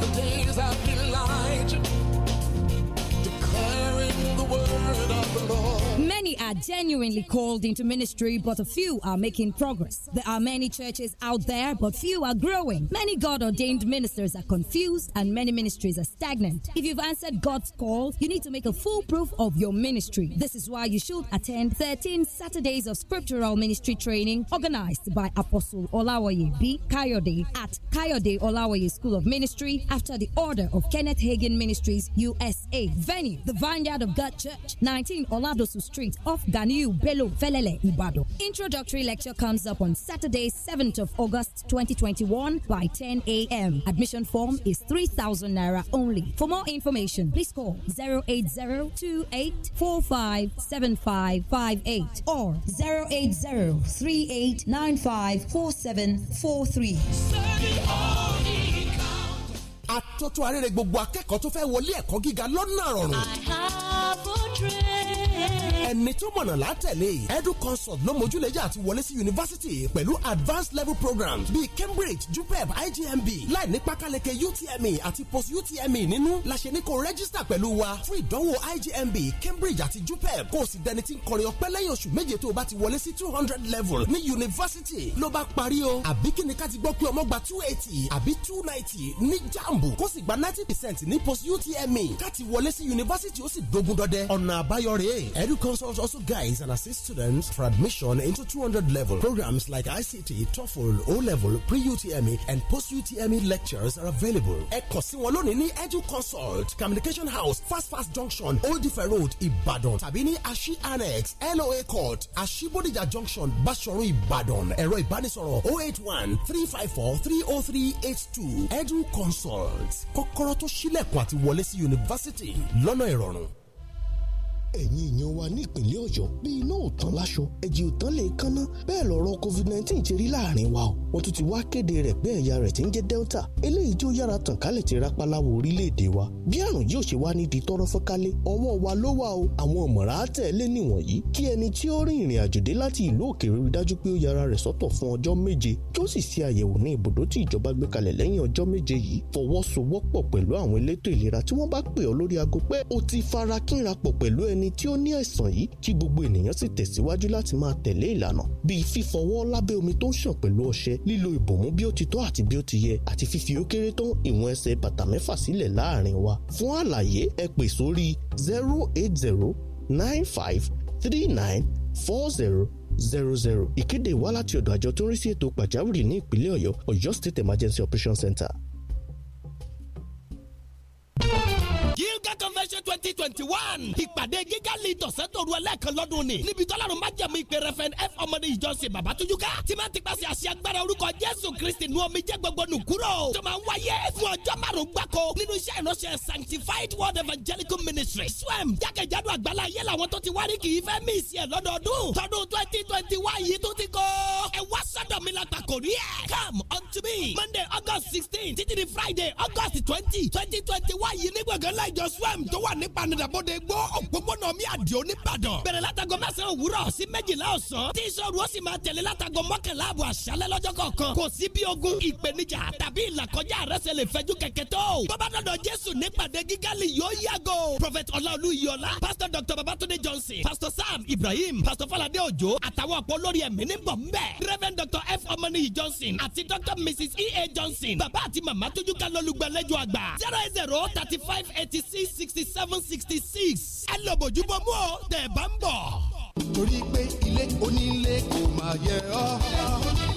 the days of Elijah, declaring the word of the Lord are genuinely called into ministry, but a few are making progress. There are many churches out there, but few are growing. Many God ordained ministers are confused, and many ministries are stagnant. If you've answered God's call, you need to make a full proof of your ministry. This is why you should attend 13 Saturdays of scriptural ministry training organized by Apostle Olawaye B. Kayode at Kayode Olawaye School of Ministry after the order of Kenneth Hagen Ministries USA. Venue, the Vineyard of God Church, 19 Oladosu Street, off Velele Ibado. Introductory lecture comes up on Saturday, 7th of August 2021 by 10 a.m. Admission form is 3,000 naira only. For more information, please call 08028457558 or 08038954743. atótó arére gbogbo akẹ́kọ̀ọ́ tó fẹ́ wọlé ẹ̀kọ́ gíga lọ́nà rọrùn. I have a dream. ẹni tó mọ̀nà látẹ̀lé edu consult ló mójúlẹ̀jà àti wọlé sí yunifásitì pẹ̀lú advanced level programs bíi Cambridge JUPEB IJMB láì ní pákáleke UTME àti post UTME nínú la ṣe ní kó rẹ́gísítà pẹ̀lú wa fún ìdánwò IJMB Cambridge àti JUPEB kó o sì dẹni tí ń kọrin ọpẹ́ lẹ́yìn oṣù méje tó o bá ti wọlé sí two hundred level ní yunifásitì ló bá parí o àbí kíni ká ti gbọ́ pé ọmọ gba two eighty àbí two ninety ní jam jambu kó sì gba ninety percent ní post utme káti wọlé sí yunifásitì ó sì dogun dọdẹ ọ̀nà àbáyọ rèé edu consult also guides and assists students for admission into two hundred level programs like ict toefl o level pre-utme and post-utme lectures are available ẹ kàn sí wọn lónìí ní edu consult communication house fast fast junction old ife road Ibadan. tàbí ní ashi annex noa court Ashi Bodija junction basoro Ibadan. ẹ̀rọ ìbánisọ̀rọ̀ oh eight one three oh edu consult worlds kọ́kọ́rọ́ tó ṣílẹ̀kùn àti wọlé sí yunifásitì lọ́nà ìrọ̀rùn ẹ̀yin èèyàn wa ní ìpínlẹ̀ ọ̀yọ́ bí iná ò tán láṣọ ẹ̀jẹ̀ ò tán lè kánná bẹ́ẹ̀ lọ́rọ̀ covid-19 ti rí láàrin wa o wọ́n tún ti wá kéde rẹ̀ pé ẹ̀yà rẹ̀ ti ń jẹ́ delta eléyìí tí ó yára tàn kálẹ̀ ti rápálá wọ orílẹ̀-èdè wa bí àrùn yóò ṣe wá ní di tọrọ fọ́nkálẹ̀ ọwọ́ wa ló wà o àwọn ọ̀mọ̀ra tẹ̀lé nìwọ̀nyí kí ẹni tí ó rin ìrìn àjò dé láti ìlú òkèèrè rí dájú pé ó yára rẹ̀ sọ́tọ̀ fún ọjọ́ méje tó sì ṣe àyẹ̀wò ní ibùdó tí ìjọba gbé kalẹ̀ lẹ́yìn ọjọ́ méje yìí fọwọ́sowọ́pọ̀ pẹ̀lú àwọn elétò ìlera tí wọ́n bá pè ọ́ lórí aago pé ẹni tí ó ní àìsàn yìí kí gbogbo ènìyàn sì tẹ̀síwájú láti máa tẹ̀lé ìlànà bíi fífọwọ́ lábẹ́ omi tó ń ṣàn pẹ̀lú ọṣẹ lílo ìbòmú bí ó ti tọ́ àti bí ó ti yẹ àti fífi ó kéré tán ìwọ̀n ẹsẹ̀ bàtà mẹ́fà sílẹ̀ láàrin wa fún àlàyé ẹ pè sórí zero eight zero nine five three nine four zero zero zero ìkéde wá láti ọ̀dọ̀ àjọ tó ń rí sí ètò pàjáwìrì ní ìpínlẹ̀ ọ̀yọ́ ọ̀yọ́ state emergency Operation center Gíga Convention twenty twenty one. Ìpàdé Gíga Lead ọ̀sẹ̀ tó ru ẹlẹ́ẹ̀kan lọ́dún ni. Níbi tọ́lárun má jẹ̀mú ìpè Rẹ́fẹ̀n F ọmọdé ìjọsìn bàbá tójúká. Tí máa ti pàṣẹ àṣẹ agbára orúkọ Jésù Kristi nu omi jẹ́ gbogbo nù kúrò. Tó máa ń wáyé fún ọjọ́ márùn gbáko nínú iṣẹ́ ìránṣẹ́ Sanctified World Evangelical Ministry. SWEM jákèjádò àgbàlá ayé làwọn tó ti wárí kì í fẹ́ mí ìsì ẹ̀ lọ́dọọdún. Tọdún twenty twenty one yìí Come unto me Monday August sixteen títí di Friday August twenty twenty twenty one swam tó wà ní panadabode gbọ́ òpópónà mi àdìo nìbàdàn bẹ̀rẹ̀ látago mẹ́sàn-án òwúrọ̀ sí méjìlá ọ̀sán tí ìṣòro ó sì máa tẹ̀lé látago mọ́kànlá àbọ̀ àṣálẹ́ lọ́jọ́ kọ̀ọ̀kan kò sí bí ogun ìpèníjà tàbí ìlàkọjá rẹsẹ̀ lè fẹjú kẹ̀kẹ́ tó bọ́bá dọ̀dọ̀ jésù nípàdé gígálì prophet ọláolú iyọlá pastor dr babatunde johnson pastor sam ibrahim pastor falade ojo àtàwọn ọ̀pọ̀ olórí ẹ̀mí ní bọ̀ nbẹ̀ reverend doctor f ọmọnìyí johnson àti Dr. mrs e a johnson bàbá àti màmá tójú ká lọ́lùgbàlejò àgbà zero eight zero thirty five eighty six sixty seven sixty six ẹ lọ bójú bọ́ mú o tẹ̀ bá ń bọ̀. torí pé ilé onílé kò máa yẹ ọ́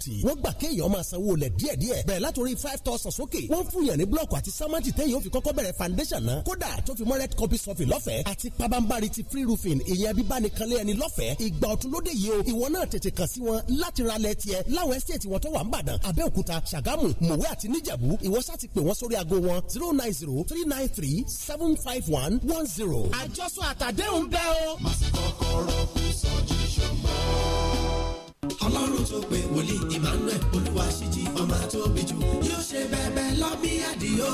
property wọ́n gbà kéèyàn máa sanwó lẹ̀ díẹ̀díẹ̀ bẹ̀rẹ̀ látòrí five thousand sókè wọ́n fún yàn ní blọ́ọ̀kù àti sámẹ́ǹtì téèyàn ó fi kọ́kọ́ bẹ̀rẹ̀ foundation náà kódà tó fi mọ́ red copy sọ́fìn lọ́fẹ̀ẹ́ àti pabambari ti free roofing ìyẹn bíbá nìkan lé ẹni lọ́fẹ̀ẹ́ ìgbà ọ̀tún lóde yìí o ìwọ náà tètè kàn sí wọn láti ra lẹ̀ tiẹ̀ láwọn estate wọn tó wà ń bàdàn Abẹ́òkúta Ṣàgámù Mòwe àti Níjẹ̀bú ìwọ sá ti pè wọ́n sórí aago wọn zero nine zero three nine three seven five one one zero. àjọsọ àtàdéhùn bẹ́ẹ̀ o. màsí kọ́kọ́rọ́ kù sọ́jí ṣùgbọ́n ọlọ́run tó pè wòlíì emmanuel olúwa ṣíjí ọmọ tó bí jù yóò ṣe bẹ́ẹ̀ bẹ́ẹ̀ lọ́bí àdìo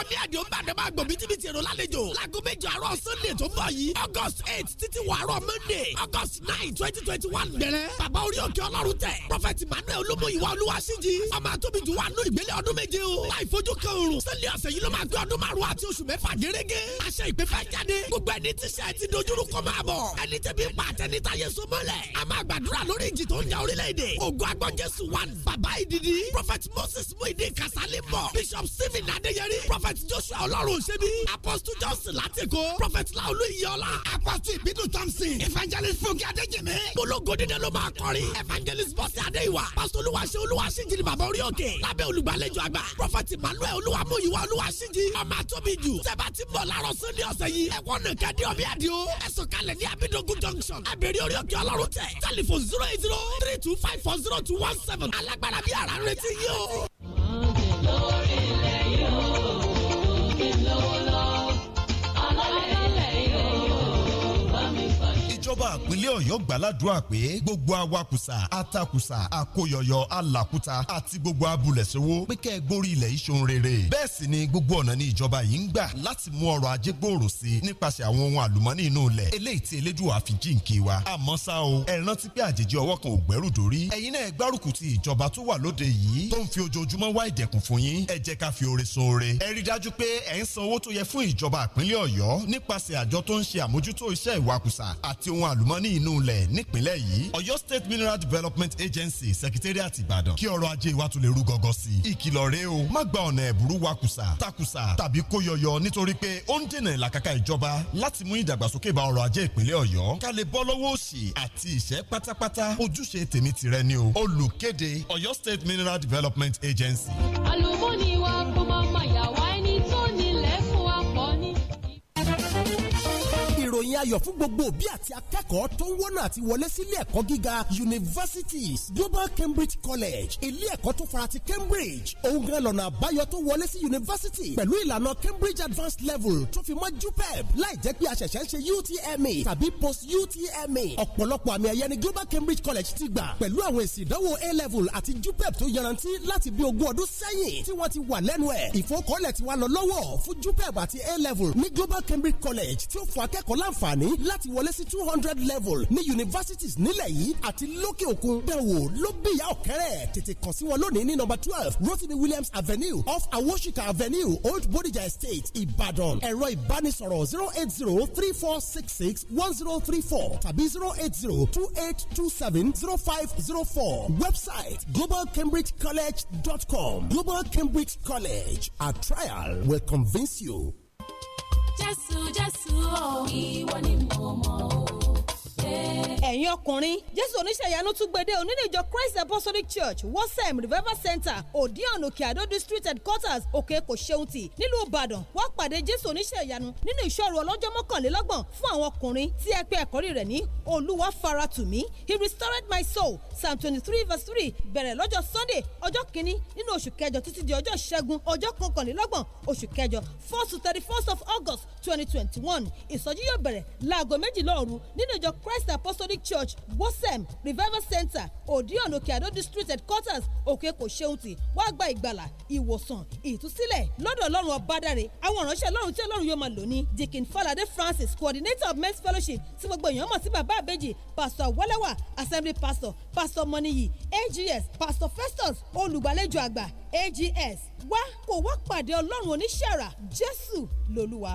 ọdẹ àdìo ń bàdàn máa gbọ̀n bíjìbìtì èrò lálejò láago méjọ àárọ̀ sunday tó ń bọ̀ yìí august eight títí wọ àárọ̀ monday august nine twenty twenty one bẹ̀rẹ̀ bàbá orí òkè ọlọ́run tẹ̀ prophet emmanuel olómọyìwá olúwaṣíjì ọmọ àtòbí ju wa nú ìgbélé ọdún méje o láì fojú kan òrùn sunday ọ̀sẹ̀ yìí ló máa gbé ọdún márùn àti oṣù mẹ́fà gẹ́rẹ́gẹ́ àṣẹ ìpè fẹ́ jáde gbogbo ẹni tíṣẹ́ prophet joshua ọlọ́run ṣẹ́bi apostle johnson látìkó prophet laolu iyọ́lá apostle ìbídùn thompson evangelist fúnkẹ́ adéjìmí ológo dídé ló máa kọrin evangelist bọ́sẹ̀ adéìwà pastor olúwaṣẹ́ olúwaṣíjì ni bàbá orí òkè lábẹ́ olùgbàlejò àgbà prophet emmanuel olúwamúyíwá olúwaṣíjì ọmọ àtọ́bíjù sẹ́bà ti bọ̀ láàárọ̀ sunday ọ̀sẹ̀ yìí ẹ̀wọ̀n nìkan ní ọ̀bí àdìo ẹ̀sùn kalẹ̀ ní abidogun junction abèrè orí òkè ọlọ́run tẹ̀ tẹlifon zero eight zero three two five four zero two one seven alágbára bíi àrà ń retí yìí o. ìjọba àpínlẹ̀ ọ̀yọ́ gbàládùá pé gbogbo awakùsà atakùsà àkóyọyọ alàkúta àti gbogbo abúlẹ̀ pé kẹ́ ẹ gbórí ilẹ̀ ìṣòro rere bẹ́ẹ̀ sì ni gbogbo ọ̀nà ni ìjọba yìí ń gbà láti mú ọrọ̀ ajé gbòòrò sí i nípasẹ̀ àwọn ohun àlùmọ́nì inú ilẹ̀ eléyìí tí elédùà fi jíǹkì wa àmọ́ ṣá o ẹ rántí pé àjèjì ọwọ́ kan ò gbẹ́rù dórí ẹ̀yin náà ẹ jẹ́ ohun àlùmọ́nì inú ilẹ̀ nípínlẹ̀ yìí Ọ̀yọ́ State Mineral Development Agency Secretariat Ìbàdàn kí ọrọ̀ ajé wa tún lè rú gọ́gọ́ sí i ìkìlọ̀ rèé o má gba ọ̀nà ẹ̀bùrú wakùsà takùsà tàbí kó yọyọ nítorí pé ó ń dènà ìlàkàkà ìjọba láti mú ìdàgbàsókè bá ọrọ̀ ajé ìpínlẹ̀ Ọ̀yọ́ ká lè bọ́ lọ́wọ́ òṣì àti ìṣẹ́ pátápátá ojúṣe tèmi tìrẹ ni o olùkéde Ọ̀yọ́ State Mineral Development Agency. àlùmọ́nì wa kó máa máa yà wá. ìròyìn ayọ̀ fún gbogbo òbí àti akẹ́kọ̀ọ́ tó ń wọ́nà àti wọlé sílé ẹ̀kọ́ gíga universities Global Cambridge College ilé ẹ̀kọ́ tó fara ti Cambridge òun gan lọ́nà àbáyọ tó wọlé sí university pẹ̀lú ìlànà Cambridge Advanced Level tó fi mọ́ JUPEB láì jẹ́ pé a ṣẹ̀ṣẹ̀ ń ṣe UTME tàbí post UTME ọ̀pọ̀lọpọ̀ àmì ẹ̀yẹ ni Global Cambridge College ti gbà pẹ̀lú àwọn èsì ìdánwò A level àti JUPEB tó yarantí láti bí ogún ọdún sẹ́yìn tí wọ́n ti wà lẹ́nu ẹ̀ ìfowókọ́lẹ̀ ti wá lọ lọ́wọ́ fún JUPEB àti A level ní Global Cambridge College tí ó fún akẹ́kọ̀ọ́ láǹf láǹfààní láti wọlé sí two hundred level ní universities nílẹ̀ yìí àti lókè òkun dẹ̀wò ló bìyà ọ̀kẹ́rẹ́ tètè kàn sí wọn lónìí ní number twelve Rotimi Williams Avenue off Awoshika Avenue Old Bodija Estate Ìbàdàn ẹ̀rọ ìbánisọ̀rọ̀ zero eight zero three four six six one zero three four tàbí zero eight zero two eight two seven zero five zero four website globalcambridgecollege.com Global Cambridge College a trial will convince you. jésù jésù o oh, ìwọ ni mo mọ̀ o. Oh. ẹ̀yin ọkùnrin jésù oníṣẹ́yanu tún gbede onídìjọ christ apostolic church wosem revival center òdiọ̀nù kíadódú street headquarters òkè kò ṣeun tì nílùú ìbàdàn wá pàdé jésù oníṣẹ́yanu nínú ìṣòro ọlọ́jọ́ mọ́kànlélọ́gbọ̀n fún àwọn ọkùnrin tí ẹ pé ẹ̀kọ́rí rẹ̀ ní olúwa fara to mí he restored my soul psalm twenty three verse three bẹ̀rẹ̀ lọ́jọ́ sunday ọjọ́ kìíní nínú oṣù kẹjọ títí di ọjọ́ ìṣẹ́gun ọjọ́ kọkànlélọ́gbọ̀n oṣù kẹjọ four to thirty first of august twenty twenty one ìsọjí yóò bẹ̀rẹ̀ láago méjìlá òru nínú ìjọ christ Christ Apostolic Church WOSEM Revival Center Odeon Okeado District Headquarters Òkè Kò Ṣeun Tì wá gba ìgbàlà ìwòsàn ìtúsílẹ̀ lọ́dọ̀ Ọlọ́run Ọbádáre àwọn ìránṣẹ́ Ọlọ́run tí Ọlọ́run yóò máa lò ní Dikin Falade Francis Coordinator of Men's Fellowship tí gbogbo èèyàn mọ̀ sí bàbá àbẹ́jì Pastor Wọ́lẹ́wà Assembly Pastor Pastor Mọ́níyì AGS Pastor Festus olùgbàlejò àgbà AGS wá kó wá pàdé Ọlọ́run oníṣẹ́ àrà Jésù lolúwa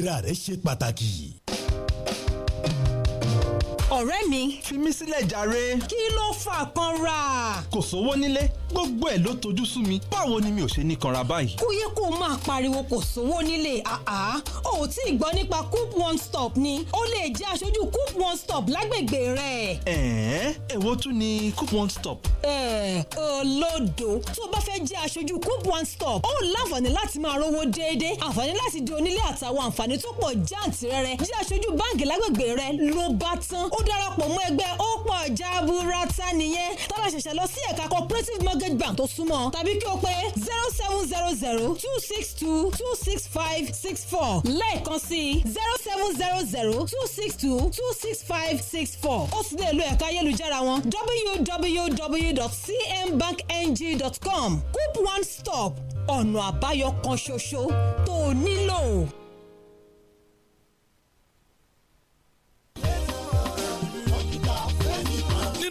ìlera rẹ ṣe pàtàkì ọ̀rẹ́ mi. fi mí sílẹ̀ jàre. kí ló fà kanra. kò sówó nílé gbogbo ẹ̀ ló tojú sú mi báwo ni mi ò ṣe ní kanra báyìí. kò yẹ kó máa pariwo kò sówó nílé àá o ò tí ì gbọ́ nípa coop one stop ni ó lè jẹ́ aṣojú coop one stop lágbègbè rẹ̀. ẹ̀ẹ́n èwo tún ni coop one stop. ẹ̀ẹ́ olódo tó bá fẹ́ jẹ́ aṣojú coop one stop ó láǹfààní láti máa rówó déédéé àǹfààní láti di onílé àtàwọn àǹfààní tó pọ̀ jáǹtì rẹ̀rẹ̀ jẹ́ aṣojú báǹkì lágbègbè rẹ̀ ló bá tán ó darapọ̀ mọ́ ẹgbẹ́ ó pọ̀ jaburata nìyẹn tọ́lá ṣẹ̀ṣẹ̀ lọ sí ẹ̀ka cooperative mortgage bank tó súnmọ́ tàbí kí o pé zero seven zero zero two six two two six five six four lẹ́ẹ̀kan sí zero seven zero zero two six two two six five six four ó sì lè lo ẹ̀ka ayélujára wọn www.cmbankng.com coop one stop ọ̀nà àbáyọ kan ṣoṣo tó o nílò.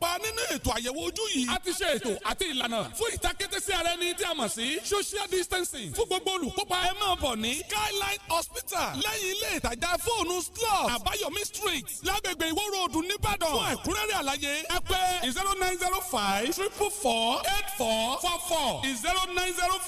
kópa nínú ètò àyẹ̀wò ojú yìí. a ti ṣe ètò àti ìlànà fún ìtakété sí ara ẹni tí a mọ̀ sí social distancing fún gbogbo olùkópa ẹ máa bọ̀ ní skyline hospital lẹ́yìn ilé ìtajà fóònù slot àbáyọ̀mí street lágbègbè ìwó ròdù nìbàdàn fún ẹ̀kúnrẹ́rẹ́ àlàyé ẹ pè zero nine zero five triple four eight four four four zero nine zero five.